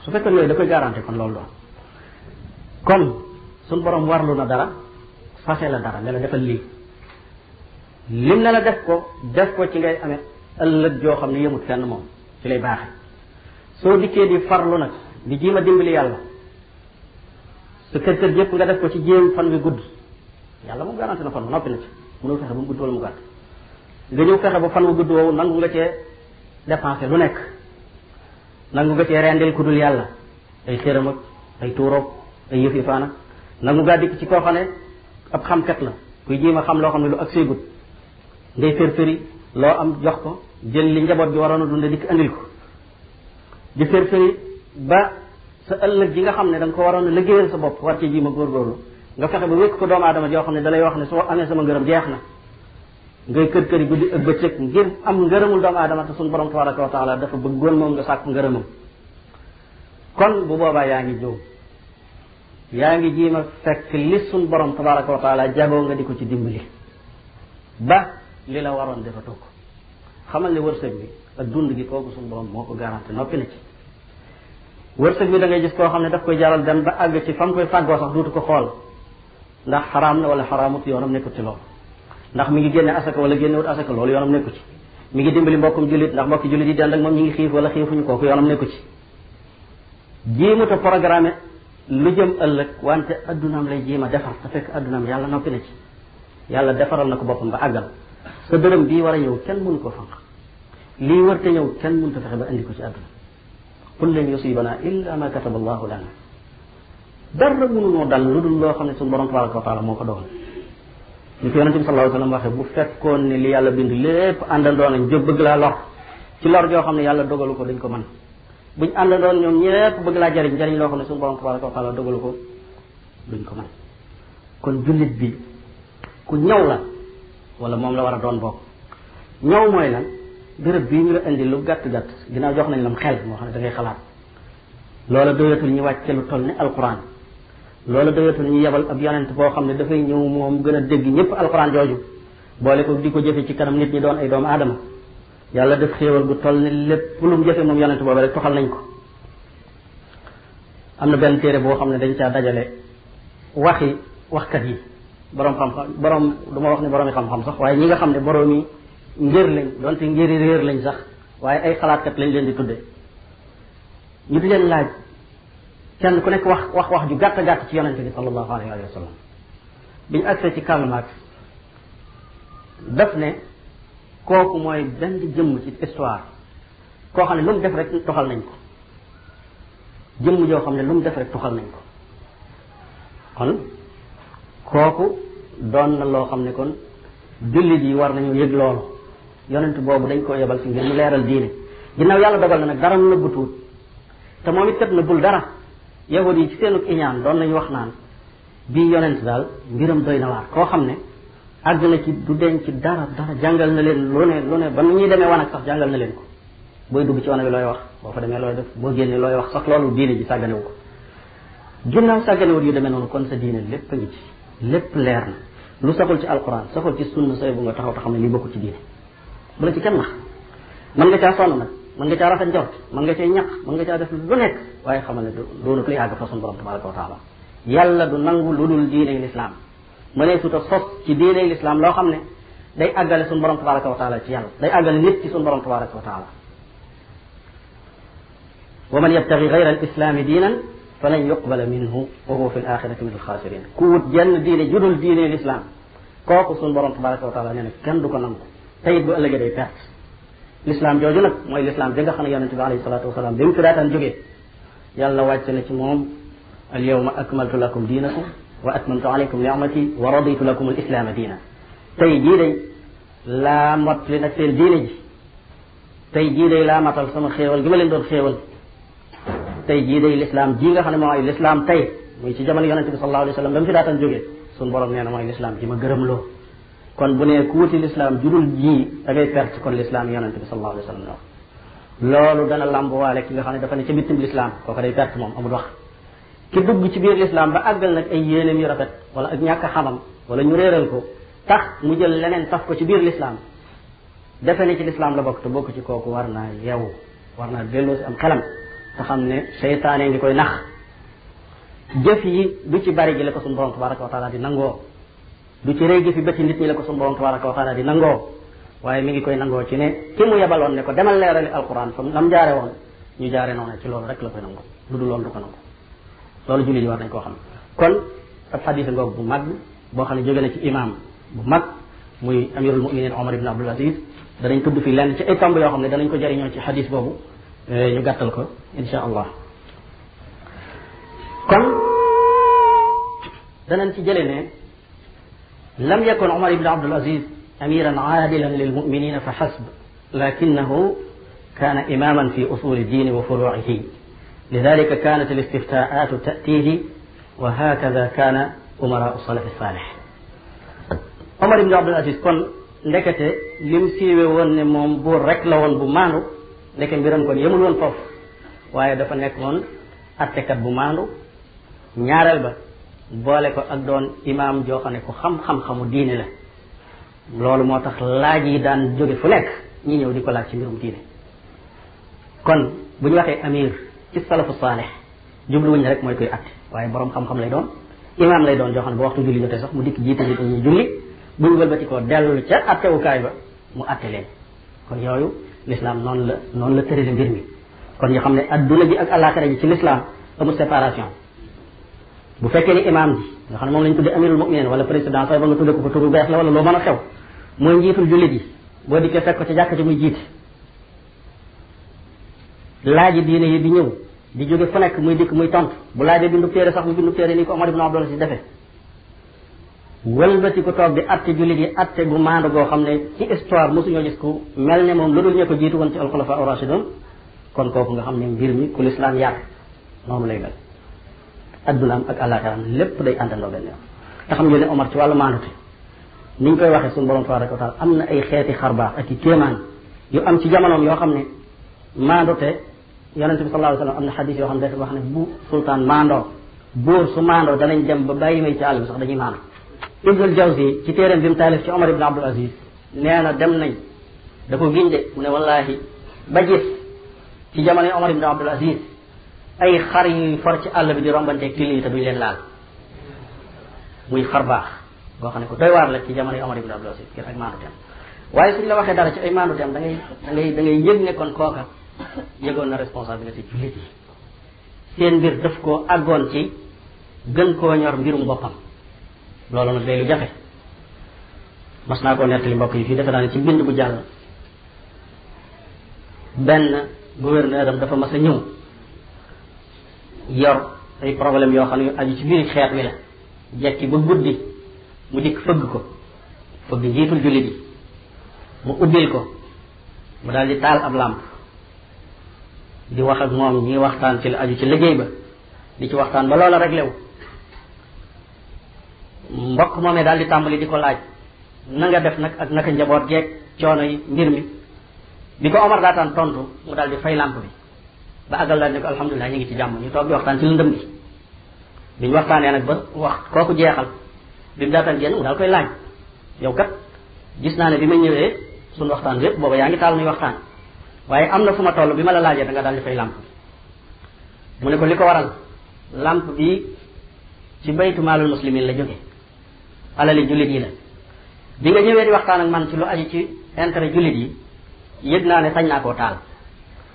su fekkoon yooyu da koy garanti kon loolu doon kon suñ borom warlu na dara fase la dara ne la defal lii lim ne la def ko def ko ci ngay amee ëllëg joo xam ne yëmut fenn moom ci lay baaxe soo dikkee di farlu nag di jiima dimbali yàlla sa kër kër yëpp nga def ko ci jéem fan wi gudd yàlla moom garanti na fan noppi na ci mënul fexe ba mu gudd wala mu gàtt nga ñëw fexe ba fan wu gudd woowu nangu nga cee dépensé lu nekk nangu nga cee rendil ku dul yàlla ay xëram ak ay tuuroog ay yëf yi faana nangu ngaa dikk ci koo xam ne ab xamkat la kuy jéem a xam loo xam ne lu ak seegut ngay férféri loo am jox ko jël li njaboot bi waroon a dund dikk andil ko di férféri ba sa ëllëg ji nga xam ne da ko waroon a liggéeyal sa bopp war ci ji ma góorgóorlu nga fexe ba wékk ko doomu aadama joo xam ne dalay wax ne soo amee sama ngërëm jeex na ngay kër kër yi guddi ak bëccëg ngir am ngërëmul doomu aadama te suñu borom tabaraka wa taala dafa bëggoon moom nga sàkk ngërëmam kon bu boobaa yaa ngi jóg yaa ngi jiima fekk li suñu borom tabaraka wa taala jagoo nga di ko ci dimbali ba li la waroon defatoo ko xamal ne wërsëg bi ak dund gi kooku suñu borom moo ko wërsëg bi da ngay gis koo xam ne daf koy jaral dem ba àgg ci fa mu koy fàggoo sax duutu ko xool ndax xaraam na wala xaraamut yoonam nekkut ci loolu ndax mi ngi génne asaka wala génnewut asaka loolu yoonam nekku ci mi ngi dimbali mbokkum jullit ndax mbokki jullit yi dend ak moom ñi ngi xiif wala xiifuñu kooku yoonam nekku ci a programme lu jëm ëllëg wante addunaam lay jéem a defar te fekk addunaam yàlla noppi na ci yàlla defaral na ko boppam ba àggal sa dërëm war a ñëw kenn mënu ko fanq lii warte ñëw kenn mënu ko fexe ba indi ko ci adduna qul lan yusibana illa ma kataba allahu lana dara mënunoo dal lu dul loo xam ne su borom tabaraka wa taala moo ko doon ñu ko yonente bi sallallahu alayhi wasallam waxee bu fekkoon ne li yàlla bind lépp àndandoo nañ jëb bëgg laa lor ci lor joo xam ne yàlla dogalu ko dañ ko man buñ àndandoon ñoom ñëpp bëgg laa jariñ jariñ loo xam ne suñu borom tabaraka wa taala dogalu ko duñ ko mën kon jullit bi ku ñaw la wala moom la war a doon bokk ñaw mooy lan béréb bii ñu la indi lu gàtt gàtt ginnaaw jox nañ lam xel moo xam ne da ngay xalaat loola doyatul ñu wàcce lu toll ne alquran loola doyatul ñu yebal ab yonent boo xam ne dafay ñëw moom gën a dégg ñëpp alquran jooju boole ko di ko jëfe ci kanam nit ñi doon ay doomu aadama yàlla def xéewal gu toll ne lépp lu mu jëfe moom yonent boobu rek toxal nañ ko am na benn téere boo xam ne dañ caa dajale waxi waxkat yi borom xam-xam borom du ma wax ne boromi xam sax waaye ñi nga xam ne boromi ngér lañ doonte ngéri réer lañ sax waaye ay xalaatkat lañ leen di tuddee ñu di leen laaj kenn ku nekk wax wax wax ju gàtt gàtt ci yonente bi sallallahu alayhi wa sallam bi ñu agsee ci Karl Marx daf ne kooku mooy benn jëmm ci histoire koo xam ne lu mu def rek toxal nañ ko jëmm joo xam ne lu mu def rek toxal nañ ko kon kooku doon na loo xam ne kon jullit yi war nañu yëg loolu yonent boobu dañ ko yebal fi ngir mu leeral diine ginnaaw yàlla dogal na nag dara nëbbutuut te moom it kat nëbbul dara yahud yi ci seenug iñaan doon nañu wax naan bii yonent daal mbiram doy na koo xam ne àgg na ci du denc dara dara jàngal na leen lu ne lu ne ba nu ñuy demee wan ak sax jàngal na leen ko booy dugg ci wana bi looy wax boo fa demee looy def boo génnee looy wax sax loolu diine ji sàgganewu ko ginnaaw sàgganewut yu demee noonu kon sa lépp a ngi ci lépp leer na lu saxul ci alquran saxul ci sunna say bu nga taxaw te xam ne li bokku ci bu la ci kenn nax mën nga caa sonn nag mën nga caa rafet njort mën nga cee ñaq mën nga caa def lu nekk waaye xamal ne loolu lu yàgg fa sun borom tabaraka wa taala yàlla du nangu lu dul diiney lislaam mënee suta sos ci diiney lislaam loo xam ne day àggale sun borom tabaraka wa taala ci yàlla day àggale nit ci sun borom tabaraka wa taala wa man yabtagi gayra al islaami diinan falan yuqbala minhu wa huwa fi l axirati min alxaasirin ku wut jenn diine judul diine lislaam kooku sun borom tabaraka wa taala nee na kenn du ko nangu te it bu ëllëgee day perte l'islam jooju nag mooy l'islam bi nga xam ne yonente bi alayhi salaatu wasalaam bi mu fi daataan jógee yàlla wàcc na ci moom al yawma akmaltu lakum diinakum wa atmamtu alaykum ni'mati wa raditu lakum al islaama diina tey jii day laa mot li nag seen diine ji tey jii day laa matal sama xéewal gi ma leen doon xéewal tey jii day l'islam ji nga xam ne mooy l'islam tey muy ci jamono yonente bi sallallahu alayhi wa sallam ba mu fi daataan jógee suñu borom nee na mooy l'islam ji ma gërëm loo kon bu nee ku wuti lislaam judul ji da ngay perte kon lislaam yonente bi sallallahu alayhi wa sallam wax loolu dana làmbuwaale ki nga xam ne dafa ne ca bitim lislaam kooku day perte moom amul wax ki dugg ci biir lislaam ba àggal nag ay yéeneem yu rafet wala ak ñàkk xamam wala ñu réeral ko tax mu jël leneen taf ko ci biir lislaam defe ne ci lislaam la bokk te bokk ci kooku war naa yeewu war naa delloo am xelam te xam ne seytaane ngi koy nax jëf yi du ci bari ji la ko suñu borom tabaraka di nangoo du ci rëy gi fi bëti nit ñi la ko sunu borom tabaraka wa taala di nangoo waaye mi ngi koy nangoo ci ne ki mu yebaloon ne ko demal leerali alquran fa lam jaare woon ñu jaare noonu ci loolu rek la koy nangu lu dul loolu du ko nangu loolu julli yi war nañ koo xam ne kon ab xadis ngoog bu mag boo xam ne jóge na ci imam bu mag muy amirul muminin omar ibn abdul aziz danañ tudd fii lenn ci ay tomb yoo xam ne danañ ko jariñoo ci xadis boobu eh, ñu gàttal ko insha allah kon danañ ci jëlee ne لم يكن عمر بن عبد العزيز أميرا عادلا للمؤمنين فحسب لكنه كان إماما في أصول الدين وفروعه لذلك كانت الاستفتاءات تأتيه وهكذا كان أمراء السلف الصالح Omar ibn Abdul Aziz kon ndekete lim siiwe woon ne moom buur rek la woon bu maandu ndeke mbiram kon yemul woon foofu waaye dafa nekk woon attekat bu maandu ñaareel ba boole ko ak doon imaam joo xam ne ku xam-xam-xamu diine la loolu moo tax laaj yi daan jóge fu nekk ñi ñëw di ko laaj ci mbirum diine kon bu ñu waxee amir ci salafu saalih jubluwuñ ne rek mooy koy atte waaye borom xam-xam lay doon imaam lay doon joo xam ne ba waxtu julli jotee sax mu dikk jiite nit ñi julli buñ wëlbati koo dellu ca attewukaay ba mu atte leen kon yooyu l'islam noonu la noonu la tërale mbir mi kon ñu xam ne adduna ji ak alaxira ji ci l'islam amul bu fekkee ne imaam ji nga xam ne moom lañ tudde amirul mu'minin wala président say ba nga tudde ko ko turu beex la wala loo mën a xew mooy njiitul jullit yi boo dikkee fekk ko ci jàkk ci muy jiite laaji diine yi di ñëw di jóge fu nekk muy dikk muy tontu bu laaj laajee bindu téere sax mu bindu téere nii ko Omar ibn Abdullah si defee wëlbati ko toog di atte jullit yi atte bu maandu goo xam ne ci histoire mosuñoo gis ku mel ne moom lu dul ñe ko jiitu woon ci kon kooku nga xam ne mbir mi ku lislaam yàgg noonu lay addunaam ak àllaaxiraam lépp day àndandoo benn yoon te xam ngeen ne Omar ci wàllu maandute ni ñu koy waxee suñu borom tabaraka wa taala am na ay xeeti xarbaax ak i kéemaan yu am ci jamonoom yoo xam ne maandute te bi sallallahu alayhi wa sallam am na xadis yoo xam ne dafa wax ne bu sultaan maandoo buur su maandoo danañ dem ba bàyyi may ci àll bi sax dañuy maandoo Ibnul Jawzi ci téeréem bi mu taalif ci Omar ibn Abdul Aziz nee na dem nañ da ko ginde mu ne wallaahi ba gis ci jamono Omar ibn Abdul Aziz ay xar yuy for ci àll bi di rombanteeg till yi te duñ leen laal muy xar baax boo xam ne ko doy waar la ci jamono yu Omar ibn Abdul Aziz ngir ak maandu la waxee dara ci ay maandu tem da ngay da ngay da ngay yëg ne kooka yëgoon na responsabilité jullit yi seen mbir daf koo àggoon ci gën koo ñor mbirum boppam loolu nag day lu jafe mas naa koo li mbokk yi fii defe naa ne ci bind bu jàll benn gouverneur dafa mas a ñëw yor ay problème yoo xam ne aju ci biir xeet wi la jekki ba guddi mu dikk fëgg ko fëgg njiitul jullit yi mu ubbil ko mu daal di taal ab làmp di wax ak moom ñuy waxtaan ci la aju ci liggéey ba di ci waxtaan ba loola rek lew mbokk moomee daal di tàmbali di ko laaj na nga def nag ak naka njaboot jeeg coono yi mbir mi bi ko Omar daataan tontu mu daal di fay làmp bi ba àggal laaj ne ko alhamdulilah ñu ngi ci jàmm ñu toog di waxtaan ci lëndëm gi biñ waxtaanee nag ba wax kooku jeexal bi mu daataan génn mu daal koy laaj yow kat gis naa ne bi ma ñëwee suñu waxtaan lépp booba yaa ngi taal muy waxtaan waaye am na fu ma toll bi ma la laajee da daal di fay làmp mu ne ko li ko waral làmp bi ci baytu maalul muslimin la jóge alali jullit yi la bi nga ñëwee di waxtaan ak man ci lu aju ci intérêt jullit yi yëg naa ne sañ naa koo taal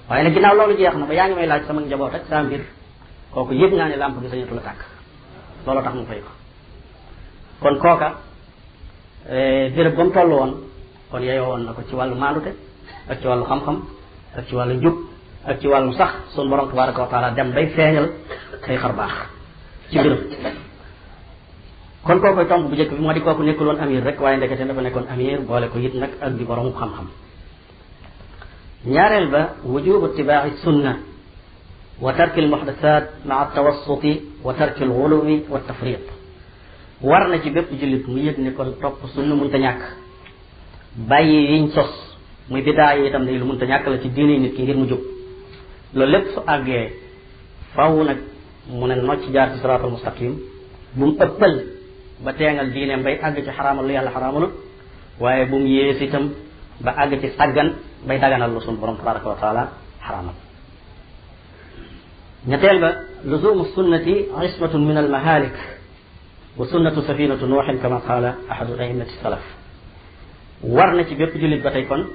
waaye nag ginnaaw loolu jeex na ba yaa ngi may laaj sama njaboot ak saa kooku yëg naa ne làmp gi sañatu la tàkk loolu tax mu fay ko kon kooka e, béréb ba mu toll woon kon yeyoo woon na ko ci wàllu maandute ak ci wàllu xam-xam ak ci wàllu njub ak ci wàllu sax sun borom tabaraka wa taala dem bay feeñal kay xar baax ci béréb kon kookoy tomb bu njëkk bi moo di kooku nekkul woon amir rek waaye ndekete dafa nekkoon amir boole ko it nag ak di borom xam ñaareel ba wujubu itibaaci sunna wa tarki almuxdasat maa tawassuti wa tarki alxuluwi wa tafrit war na ci bépp jullit mu yëg ne kon topp sunna munta ñàkk bàyyi yiñ sos muy bidaa yi itam ne lu munta ñàkk la ci diine nit ki mu jóg loolu lépp su àggee faw nag mu ne nocc jaar ci siraatal mustaqim bu mu ëppal ba teengal diineem bay àgg ci xaraamal lu yàlla xaraamalul waaye bu mu yées itam ba àgg ci sàggan bay daganal lu suñu borom tabaraka wa taala xaraamal ñetteel ba luzumu sunnati ismatun min almahalik wa sunnatu safinatu nuuxin kama qaala ahadu aimati salaf war na ci bépp jullit ba tey kon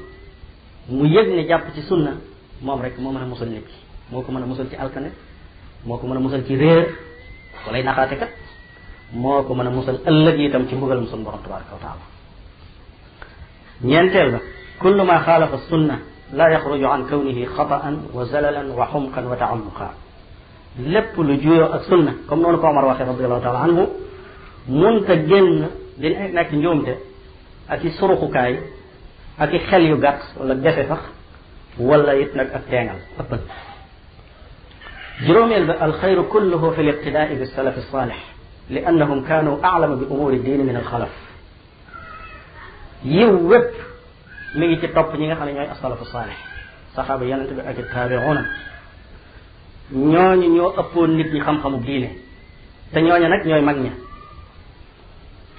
mu yëg ne jàpp ci sunna moom rek moo mën a musal nit ki moo ko mën a musal ci alkane moo ko mën a musal ci réer walay naxaate kat moo ko mën a musal ëllëg itam ci mbugalum sunu borom tabaraka wa taala ñeenteel ba kullu ma xaalafa sunna la yaxruju an kawnihi xataan wa zalalan wa xumqan wa taamuqan lépp lu juyoo ak sunna comme noonu ko Omar waxee radiallahu taala anhu mun ta génn di nekk njuumte ak i suruxukaay ak i xel yu gàtt wala defe sax wala it nag ak teengal ak bët juróomeel ba alxayru kulluhu fi liqtidaai bi salaf saalix li annahum kaanu aclama bi umuri diini min alxalaf yiw wépp mi ngi ci topp ñi nga xam ne ñooy asalafu saalih saxaaba yonente bi ak i taabi'uunam ñooñu ñoo ëppoon nit ñi xam-xamu diine te ñooñu nag ñooy mag ña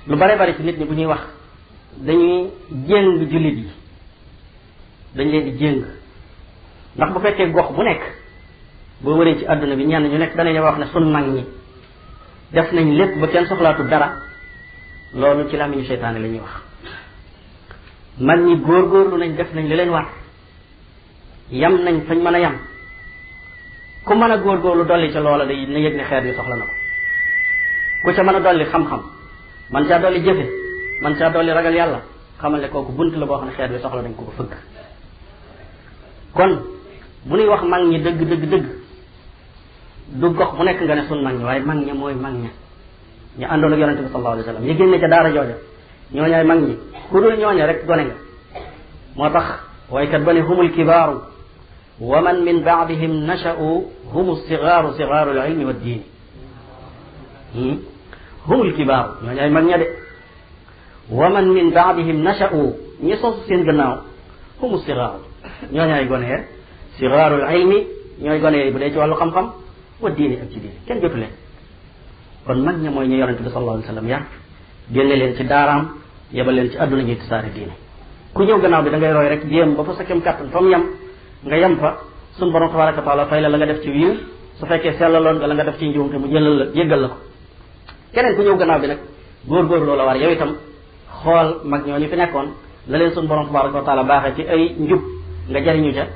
lu bare bari ci nit ñi bu ñuy wax dañuy jéng jullit yi dañ leen di jéng ndax bu fekkee gox bu nekk boo wëree ci àdduna bi ñenn ñu nekk danañu wax ne sun mag ñi def nañ lépp ba kenn soxlaatu dara loolu ci làmmiñu seytaane la ñuy wax mag ñi góorgóorlu nañ def nañ li leen war yam nañ fañ mën a yam ku man a góorgóorlu dolli ca loola day na yëg ne xeer bi soxla na ko ku ca mën a dolli xam-xam man caa dolli jëfe man caa dolli ragal yàlla xamal ne kooku bunt la boo xam ne xeer bi soxla nañ ko ko fëgg kon bu ñuy wax mag ñi dëgg dëgg dëgg du gox mu nekk nga ne sun mag ñi waaye mag ña mooy mag ña ñu àndoon ak yonente bi sallallahu alayhi wa sallam ñu génne ca daara jooja ñooñaay mag ñi ku dul ñooña rek gone moo tax waykat ba ne humul kibaaru wa man min baadihim nacha'u humu sigaaru sigaaru lilmi wa diini hmm? humul kibaaru ñooñaay mag ña man min baadihim nacha'u ñi sosu seen gannaaw humu sigaaru ñooñaay gone ya sigaarul ilmi ñooy gone ya bu dee ci wàllu xam-xam wa diini ci diini kenn jotu kon mag ña mooy bi sallallahu alayhi wa sallam yar génne leen yebal leen ci àdduna ñuy tasaare diine ku ñëw gannaaw bi da ngay roy rek jéem ba fa sa kem kàttan fa mu yem nga yem fa suñu borom tabaraka wa fay la la nga def ci wiir su fekkee sellaloon nga la nga def ci njuumte mu jëlal la jéggal la ko keneen ku ñëw gannaaw bi nag góor-góor loola war yow itam xool mag ñoo ni fi nekkoon la leen suñu borom tabaraka wa baax baaxee ci ay njub nga jariñu ca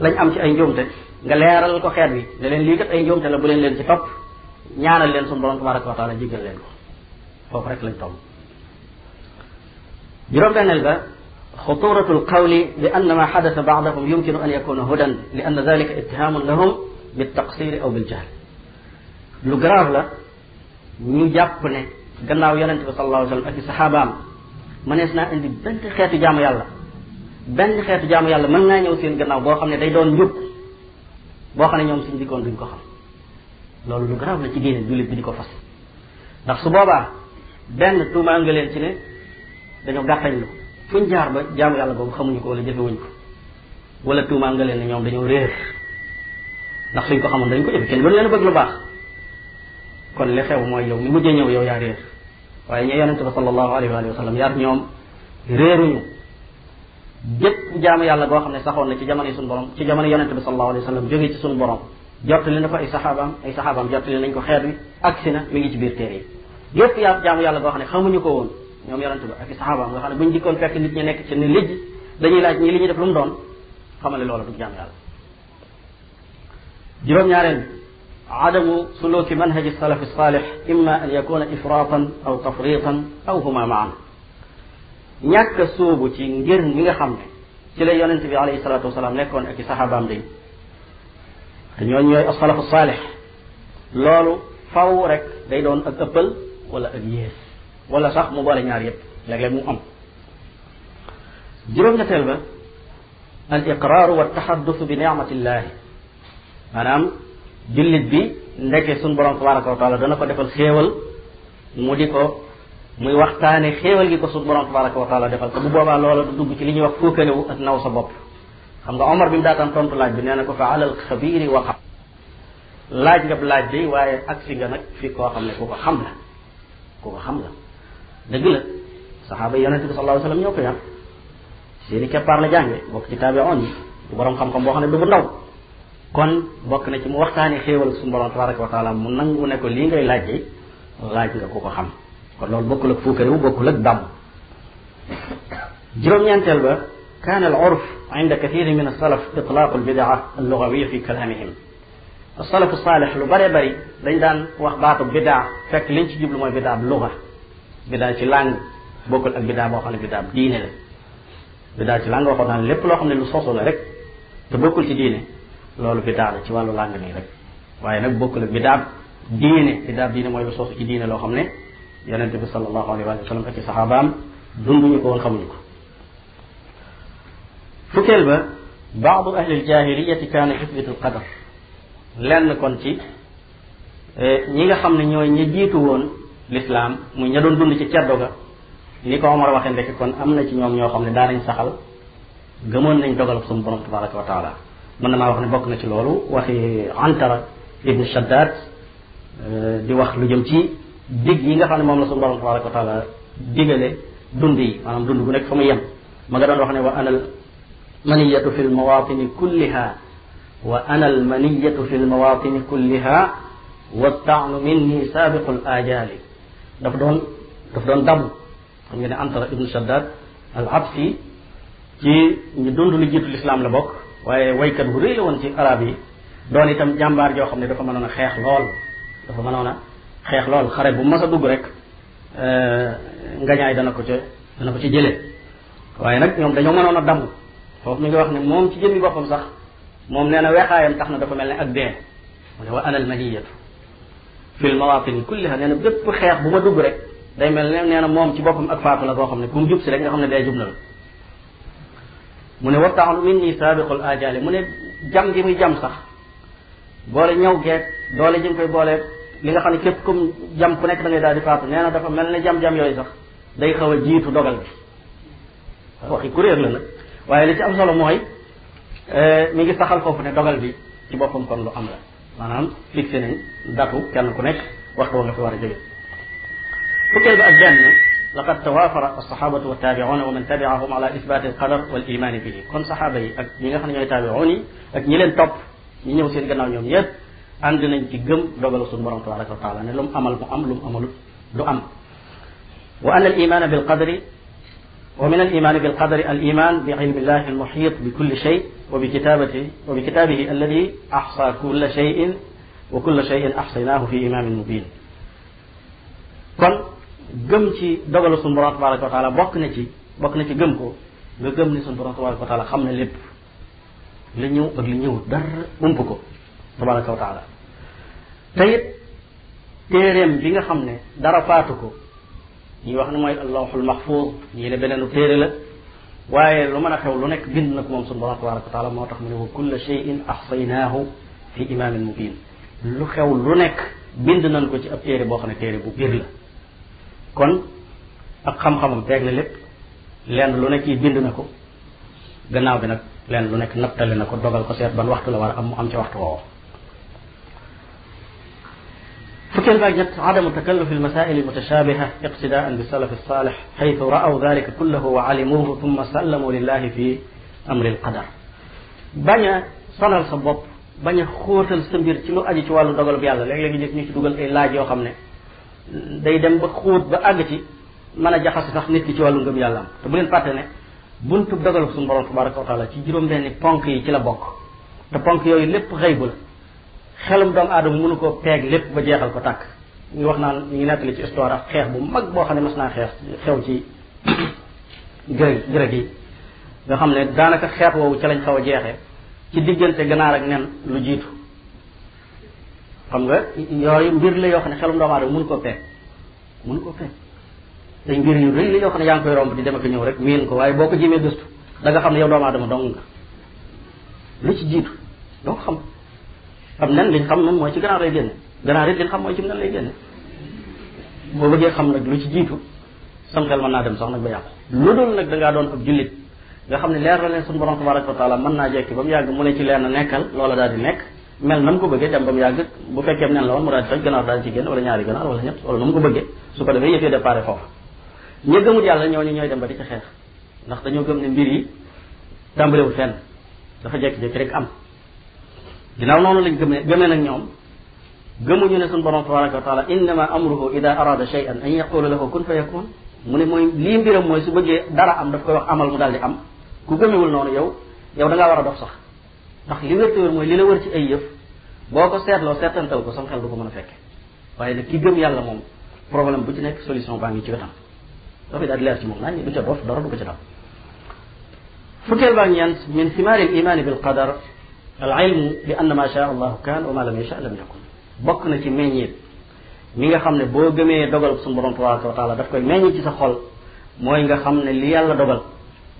lañ am ci ay njuumte nga leeral ko xeet wi ne leen lii kat ay njuumte la bu leen leen ci topp ñaanal leen suñu borom tabaraka wa taala jéggal leen ko foofu rek lañ toll juróom-benneel ba xuturatu lqawli bi anna ma xadasa baadahum yumkinu an yakuna hudan li anna dalika ittihaamun lahum biltaqsiri aw biljahl lu grave la ñu jàpp ne gannaaw yonente bi sallallahu alayhi wa sallam ak i saxaabaam mënees naa indi benn xeetu jaamu yàlla benn xeetu jaamu yàlla mën naa ñëw seen gannaaw boo xam ne day doon njub boo xam ne ñoom suñ diggoon duñ ko xam loolu lu grave la ci diine jullit bi di ko fas ndax su boobaa benn tuumaal nga ci ne dañoo gàttañlu fuñ jaar ba jaamu yàlla boobu xamuñu ko wala jëfewuñ ko wala tuumaal nga leen ne ñoom dañoo réer ndax suñ ko xamoon dañ ko jëfe kenn doon leen bëgg lu baax kon li xew mooy yow mi mujjee ñëw yow yaa waaye ñu yonente ba sallallahu alayhi wa sallam yar ñoom réeruñu jëpp jaamu yàlla goo xam ne saxoon na ci jamono yi suñu borom ci jamono yonente bi sallallahu alayhi wa sallam jóge ci suñu borom jottali na ko ay saxaabaam ay saxaabaam jottali nañ ko xeet wi agsi na mi ci biir téere yi yëpp yaa jaamu yàlla goo xam ne xamuñu ko woon ñoom yonente ba ak i saxaabaam nga bu fekk nit ñi nekk ci ne léegi dañuy laaj ñii li ñuy def lu mu doon xamale loola du jaam yàlla juróom-ñaareel adamu suluki manhaji salafi salih imma an yakuna ifratan aw tafritan aw huma maan ñàkk ci ngir mi nga xam ci la yonente bi alayhi salatu wasalaam nekkoon ak i saxaabaam day te ñooñu ñooy asalafu saalix loolu faw rek day doon ak ëppal wala ak yées wala sax mu boole ñaar yépp léeg-léeg mu am juróom-ñetteel ba al iqraaru wa taxaddusu bi nicmatillaahi maanaam jullit bi ndeke suñ borom dana ko defal xéewal mu di ko muy waxtaane xéewal gi ko suñ borom tabaraka wa taala defal te bu boobaa loola du dugg ci li ñuy wax fuukanewu at na sa bopp xam nga omar bi mu daataan tontu laaj bi nee na ko fa alal xabiiri waqa laaj nga laaj bi waaye agsi nga nag fi koo xam ne ku xam la ku ko xam la dëgg la saxaaba yi yonente bi sallallahu alayhi wasallam ñoo ko yar bokk ci taabi'oon yi bu xam-xam boo xam ne du bu kon bokk na ci mu waxtaanee xéewal ak suñu borom tabaraka wa taala mu nangu ne ko lii ngay laajte laaj nga ku ko xam kon loolu bokkul ak fuukarewu bokkul ak dàmm juróom-ñeenteel ba kaana al urf inda kathirin min as-salaf itlaaqu al-bidaa al-lugawiyya fi kalaamihim as-salafu saalih lu bëree bëri dañ daan wax baatu bidaa fekk liñ ci jublu mooy bidaa luga biddaa ci langue bokkul ak biddaa boo xam ne biddaa diine ci langue waxoon naa lépp loo xam ne lu sosu la rek te bokkul ci diine loolu biddaa la ci wàllu langue nii rek waaye nag bokkul ak biddaa diine biddaa diine mooy lu sosu ci diine loo xam ne yonente bi sallallahu alayhi wa sallam ak ci saxaabaam dunduñu ko woon xamuñu ko fukkeel ba baadu ahli aljahiliyati kaana yusbitu alqadar lenn kon ci eh, ñi nga xam ne ñooy ña jiitu woon lislaam muy ña doon ci ceddo ga ni ko Omar waxee ndekk kon am na ci ñoom ñoo xam ne daanañ saxal gëmoon nañ dogal ak suñu borom tabaraka wa taala na maa wax ne bokk na ci loolu waxi Antara ibn Shaddad euh, di wax lu jëm ci dig yi nga xam ne moom la suñu borom tabaraka wa taala digale dund yi maanaam dund gu nekk fa mu yem ma nga doon wax ne wa anal maniyatu fi lmawatini kulliha wa ana almaniyatu fi lmawatini kulliha wa taanu minni saabiqu l dafa doon dafa doon dabu xam nga ne antara ibnu shaddad al absi ci ñu dund lu jiitu lislaam la bokk waaye waykat bu rëy woon ci arab yi doon itam jàmbaar joo xam ne dafa mënoon a xeex lool dafa mënoon a xeex lool xare bu mas a dugg rek euh, ngañaay dana ko ca dana ko ci jëlee waaye nag ñoom dañoo mënoon a damm foofu mi ngi wax ni moom ci jëmmi boppam sax moom nee na weexaayam tax na dafa mel ne ak dee mu ne wa anal fil mawaatin kulliha nee na bépp xeex bu ma dugg rek day mel ne nee na moom ci boppam ak faatu la koo xam ne ku mu jub si rek nga xam ne day jub la mu ne wattaxul min mu ne jam gi muy jam sax boole ñëw geeg doole ji koy boole li nga xam ne képp comme jam ku nekk da ngay daal di faatu nee na dafa mel ne jam-jam yooyu sax day xaw a jiitu dogal bi waxi kuréel la nag waaye li ci am solo mooy eh, mi ngi saxal foofu ne dogal bi ci boppam kon lu am la maanaam fixé nañ datu kenn ku nekk waxtu wa nga fi war a jóge fukkeel ba ak benn laqad tawaafara alsahabatu wa taabiuuna wa man tabiahum ala isbaati alqadar wal imaani bihi kon saxaaba yi ak ñi nga xam ne ñooy taabiuun yi ak ñi leen topp ñi ñëw seen gannaaw ñoom yépp ànd nañ ci gëm dogalu suñu borom tabaraka wa taala ne lu mu amal mu am lu mu amalut du am wa anna al imaana bil qadri ومن الإيمان بالقدر الإيمان بعلم الله المحيط بكل شيء وبكتابته وبكتابه الذي أحصى كل شيء وكل شيء أحصيناه في إمام مبين kon gëm ci dogalu suñu borom tabaraka wa taala bokk na ci bokk na ci gëm ko nga gëm ni suñu borom tabaraka wa taala xam ne lépp li ñëw ak li ñëw dara ump ko tabaraka wa taala te it téeréem bi nga xam ne dara faatu ko ñii wax ne mooy allawxul maxfuus ñii ne beneenu téere la waaye lu mën a xew lu nekk bind na ko moom sunu borom tabaraka wa taala moo tax mu ne wa kulla cheyin axsaynaahu fi imaamin mubin lu xew lu nekk bind nañ ko ci ab téere boo xam ne téere bu biir la kon ak xam-xamam teeg na lépp lenn lu nekk yi bind na ko gannaaw bi nag lenn lu nekk nattale na ko dogal ko seet ban waxtu la war a am mu am ca waxtu woowu fukkeel baag ñett adamu takallufi almasail almutashabiha iqtidaan bi salaf alsalih xaytu raaw dalika kullahu wa alimuhu thumma sallamu lillahi fi amri alqadar bañ a sonal sa bopp bañ a xóotal sa mbir ci lu aju ci wàllu dogal bu yàlla léeg-léeg ñu gis ñu ci dugal ay laaj yoo xam ne day dem ba xóot ba àgg ci mën a jaxas sax nit ki ci wàllu ngëm yàlla am te bu leen fàtte ne buntu dogal suñu borom tabaraka wa taala ci juróom-benni ponk yi ci la bokk te ponk yooyu lépp xëybu la xelum doomu aadama mënu koo peeg lépp ba jeexal ko tàkk ñu wax naan ñu ngi nettali ci histoire ak xeex bu mag boo xam ne mas naa xeex xew ci gërë gërëg xam ne daanaka xeex woowu ca lañ xaw a jeexee ci diggante ganaar ak nen lu jiitu xam nga yooyu mbir la yoo xam ne xelum doomu aadama mënu ko peeg mënu ko peeg day mbir yu rëy la yoo xam ne yaa ngi koy romb di dem ko ñëw rek miin ko waaye boo ko jimee gëstu da nga xam ne yow doomu aadama dong nga lu ci jiitu doo xam am nen li xam noonu mooy ci ganaar lay génne ganaar it liñ xam mooy ci nen lay génne boo bëggee xam nag lu ci jiitu sam xel mën naa dem sax nag ba yàqu lu dul nag da ngaa doon ab jullit nga xam ne leer na leen suñu borom tabaraka wa taala mën naa jekki ba mu yàgg mu ne ci leer na nekkal loola daal di nekk mel na mu ko bëggee dem ba mu yàgg bu fekkee nen la woon mu daal di toj ganaar daal di ci génn wala ñaari ganaar wala ñett wala nu ko bëggee su ko defee yëfee déparé foofu ñi gëmut yàlla ñooñu dem ba di ci xeex ndax dañoo gëm ne mbir yi tàmbalewul fenn dafa jekki-jekki rek am ginnaaw noonu lañ gëmee gëmee nag ñoom ñu ne suñu borom tabaraka wa taala innama amruhu ida arada shay'an an yaqula lahu kun fa yakun mu ne mu lii mbiram mooy su bëggee dara am daf koy wax amal mu daal di am ku gëmewul noonu yow yow da ngaa war a dox sax ndax li wér te wér mooy li la wër ci ay yëf boo ko seetloo seetantal ko sam xel du ko mën a fekke waaye nag gëm yàlla moom problème bu ci nekk solution baa ngi ci wetam dafay daal di leer ci moom naan du ca dof dara du ko ca dal fukkeel baa ñeent min simaari l imaani bil qadar al ilmu bi anna ma sha allahu kaan wa ma lam yasha lam bokk na ci meññeet mi nga xam ne boo gëmee dogal suñu borom tabaraka wa taala daf koy meññ ci sa xol mooy nga xam ne li yàlla dogal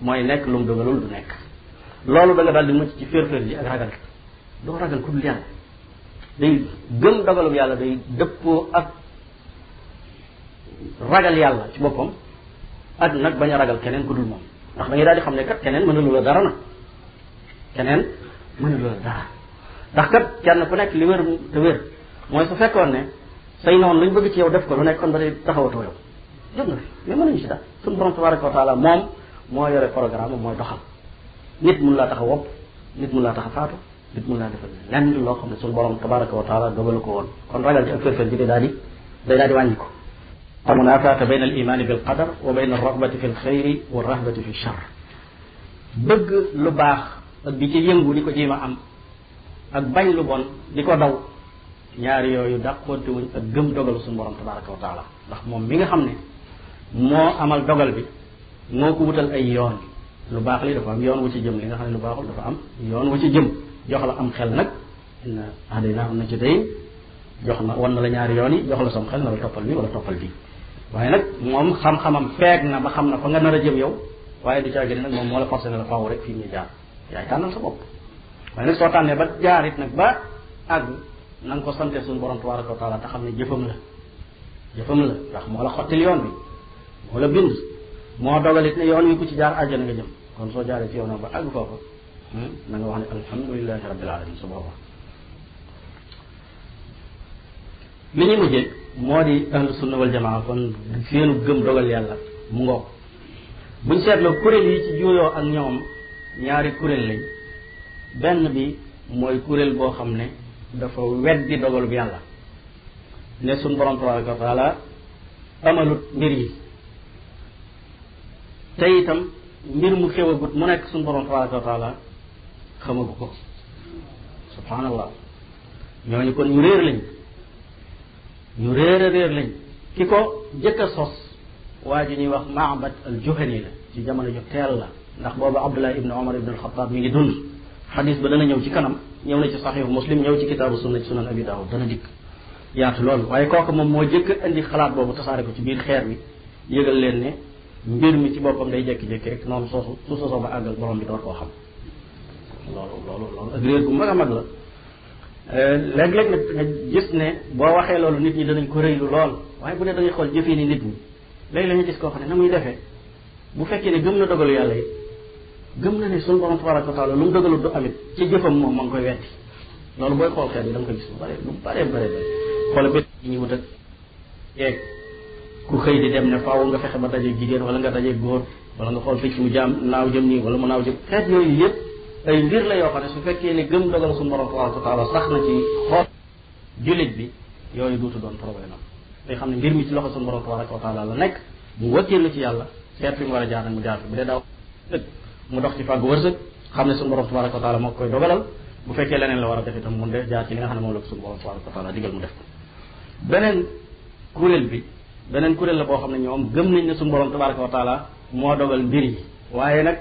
mooy nekk lu mu dogalul du nekk loolu da nga daal di mucc ci féer-féer ji ak ragal doo ragal ku dul yàlla day gëm dogalub yàlla day dëppoo ak ragal yàlla ci boppam ak nag bañ a ragal keneen ku dul moom ndax da ngay daal xam ne kat keneen mënalu la dara na mënuloo dara ndax kat kenn ku nekk li wér te wér mooy su fekkoon ne say noonu luñ bëgg ci yow def ko lu nekk kon ba tey taxawatoo yow jóg nga fi mais mënuñu ci dara suñu borom tabaraka wa taala moom moo yore programme mooy doxal nit mun laa tax a wopp nit mun laa tax a faatu nit mun laa defal lenn loo xam ne suñu borom tabaraka wa taala dogalu ko woon kon ragal ci ak fërfër bi day daal di day daal di wàññi ko almunafata bayna al imani bil qadar wa bayna al ragbati fi al xayri wa rahbati fi char bëgg lu baax ak di ci yëngu di ko jéem a am ak bañ lu bon di ko daw ñaar yooyu dàqoonte wuñ ak gëm dogalu suñu borom tabaraka wa taala ndax moom mi nga xam ne moo amal dogal bi moo ko wutal ay yoon lu baax li dafa am yoon wu ci jëm li nga xam ne lu baaxul dafa am yoon wu ci jëm jox la am xel nag day ahdayna am na ci tey jox na wan na la ñaari yoon yi jox la sam xel na la toppal bi wala toppal bi waaye nag moom xam-xamam feeg na ba xam na fa nga nar a jëm yow waaye du caagin nag moom moo la forcé na la faaw yaay tànnal sa bopp waaye nag soo tànnee ba jaarit nag ba àgg na ko sante suñu borom tabaraka wa taala te xam ne jëfam la jëfam la ndax moo la xottil yoon bi moo la bind moo dogalit ne yoon wi ku ci jaar àjjana a jëm kon soo jaaree ci yoonam ba àgg foofu hmm? na nga wax ne alhamdulilahi rabbil alamin su booba li ñu mujjee moo di ahlu sunna wal jamaa kon seenu gëm dogal yàlla mu ngoog buñ seetloo kuréel yi ci juuyoo ak ñoom ñaari kuréel lañ benn bi mooy kuréel boo xam ne dafa weddi dogalub yàlla ne suñ borom tabaraka wa taala amalut mbir yi te itam mbir mu xewagut mu nekk suñ borom tabaraka wa taala xamagu ko subhanallah ñooñu kon ñu réer lañ ñu réer a réer lañ ki ko jëkk a sos waa ji ñuy wax Maabad al Juhani la ci jamono ju teel la ndax boobu Abdullah ibn Omar ibn al-Khattab mi ngi dund xadis ba dana ñëw ci kanam ñëw na ci saxiixu muslim ñëw ci kitaabu sunna ci sunan abi daawud dana dikk yaatu loolu waaye kooku moom moo jëkk indi xalaat boobu tasaare ko ci biir xeer mi yëgal leen ne mbir mi ci boppam day jékki-jékki rek noonu soosu su ba àggal borom bi door koo xam loolu loolu loolu ak réer bu mag a mag la euh, léeg ne boo waxee loolu nit ñi danañ ko rëylu lool waaye bu ne da ngay xool jëfee ni nit ñi léeg la nga ne na muy defee bu fekkee ne gëm na dogalu yàlla gëm na ne suñu borom tabaraka wa taala lu mu dogalul du amit ci jëfam moom ma ngi koy wetti loolu booy xool xeet yi da nga koy gis lu bare lu bare bare xoola bét yi ñuy wut ak yeeg ku xëy di dem ne faaw nga fexe ba dajeeg jigéen wala nga dajeeg góor wala nga xool picc mu jaam naaw jëm nii wala mu naaw jëm xeet yooyu yëpp ay mbir la yoo xam ne su fekkee ne gëm dogal suñu borom tabaraka wa taala sax na ci xool jullit bi yooyu duutu doon problème am day xam ne mbir mi ci loxo suñu borom tabaraka la nekk mu wàcceelu ci yàlla seet fi a jaar nag mu jaar fi mu dox ci fàggu wërsëg xam ne suñu borom tabaraka wa moo koy dogalal bu fekkee leneen la war a def itam mun de jaar ci li nga xam ne moom la ko suñu mu def beneen kuréel bi beneen kuréel la boo xam ne ñoom gëm nañ ne suñu borom tabaraka wa taala moo dogal mbir yi waaye nag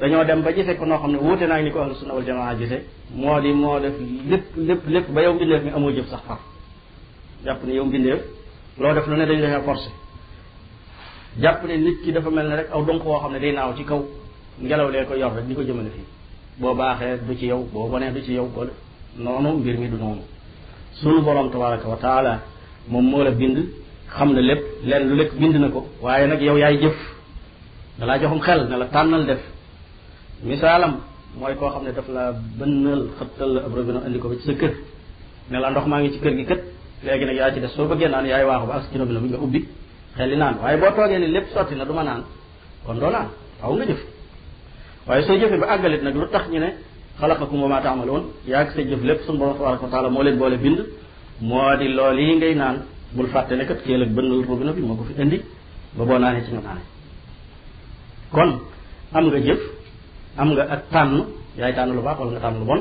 dañoo dem ba gisee ko noo xam ne wuute naa ni ko ahlu sunna wal jamaa gisee moo di moo def lépp lépp lépp ba yow mbindeef mi amoo jëf sax far jàpp ne yow mbindeef loo def lu ne dañ lay forcé jàpp ne nit ki dafa mel ne rek aw donc woo xam ne day naaw ci kaw ngelaw lee ko yor rek di ko jëmale fii boo baaxee du ci yow boo bonee du ci yow boo noonu mbir mi du noonu sunu borom tabaraka wa taala moom moo la bind xam na lépp lenn lu lekk bind na ko waaye nag yow yaay jëf dalaa joxum xel ne la tànnal def misaalam mooy koo xam ne daf la bënnal xëttal la ab robinet andi ko ba ci sa kër ne la ndox maa ngi ci kër gi kët léegi nag yaa ci def soo bëggee naan yaay waaxu ba ak ci robinet bi nga ubbi xel li naan waaye boo toogee ni lépp sotti na du ma naan kon doo aw nga jëf waaye soo jëfee ba àggalit nag lu tax ñu ne a wa maa taamaloon yaa ak sa jëf lépp suñu borom tabaraka wa taala moo leen boole bind moo di lool yi ngay naan bul fàtte ne kat kéel ak bën l robina bi moo ko fi indi ba boo naanee ci nga naane kon am nga jëf am nga ak tànn yaay tànn lu baax wala nga tànn lu bon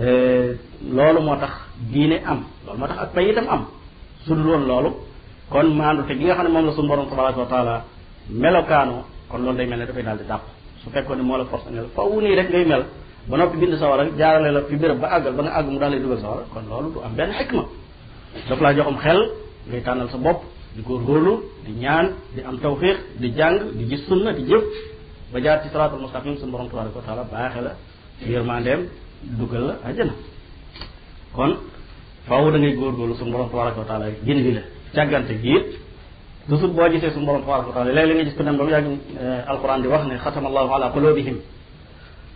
eh, loolu moo tax diine am loolu moo tax ak pay itam am su dul woon loolu kon maandu te gi nga xam ne moom la suñu borom tabaraka wa taala kon loolu day mel ne daal di dàqu su fekkoon ne moo la force ne la faw nii rek ngay mel ba noppi bind a jaarale la fi béréb ba àggal ba nga àgg mu daal lay dugal sawara kon loolu du am benn xikma daf laa joxom xel ngay tànnal sa bopp di góorgóorlu di ñaan di am tawfiq di jàng di gis sunna di jëf ba jaar ci siraatul mustaqim suñu borom tabaraka wa taala baaxe la yërmandeem dugal la àjjana kon faaw da ngay góorgóorlu suñu borom tabaraka wa taala gindi la càggante gi toujours boo gisee suñu borom tabaraka wa taala léeg-léeg nga gis ko dem ba mu yàgg eh, alquran di wax ne xatama allahu ala qulubihim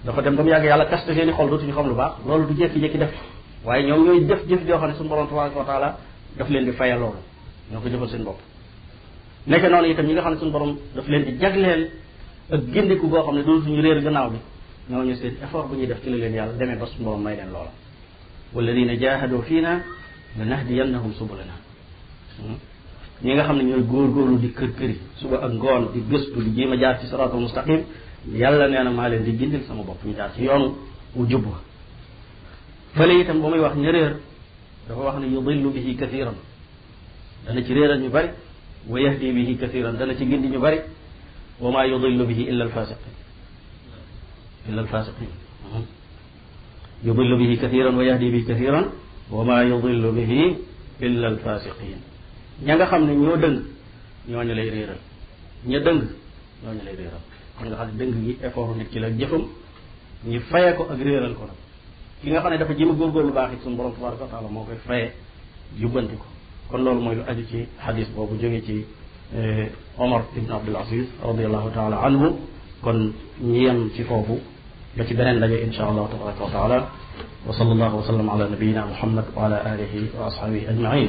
dafa dem ba mu yàgg yàlla kaste seeni xol dootuñu xam lu baax loolu du jékki-jékki def waaye ñoom ñooy jëf-jëf joo xam ne suñu borom tabaraka wa taala daf leen di fayal loolu ñoo ko jëfal seen bopp nekk noonu itam ñi nga xam ne suñu borom daf leen di jagleel ak ku goo xam ne dootuñu réer gannaaw bi ñooñu seen effort bu ñuy def ci la leen yàlla demee ba suñu borom may leen loola walladina jahadu fiina lanahdiyannahum subulana hmm? ñi nga xam ne ñooy góorgóorlu di kër këri suba ak ngoon di gëstu di jéem a jaar ci siraatul mustaqim yàlla nee na maa leen di gindil sama bopp ñu jaar ci yoon wu jub wa fële itam ba muy wax ña réer dafa wax ne yudillu bihi kathiran dana ci réeral ñu bari wa yahdi bihi kathiran dana ci gindi ñu bari wa maa yudillu bihi illa alfasiqin illa alfasiqin yudillu bihi kathiran wa yahdi bihi kathiran wa maa yudillu bihi illa alfasiqin ña nga xam ne ñoo dëng ñooñu lay réeral ña dëng ñooñu lay réeral kon nga xam ne dëng gi effort nit ki la jëfam ñu faye ko ak réeral ko nag ki nga xam ne dafa jéem a góorgóorlu baax it suñu borom tabaraka wa taala moo koy faye yubbanti ko kon loolu mooy lu aju ci xadis boobu jóge ci eh, Omar ibn Abdul Aziz radiallahu taala anhu kon ñi yem ci foofu ba ci beneen daje insha allahu tabaraka wa taala wa sallallahu wa sallam ala nabiyina muhammad wa ala alihi wa ashabihi ajmain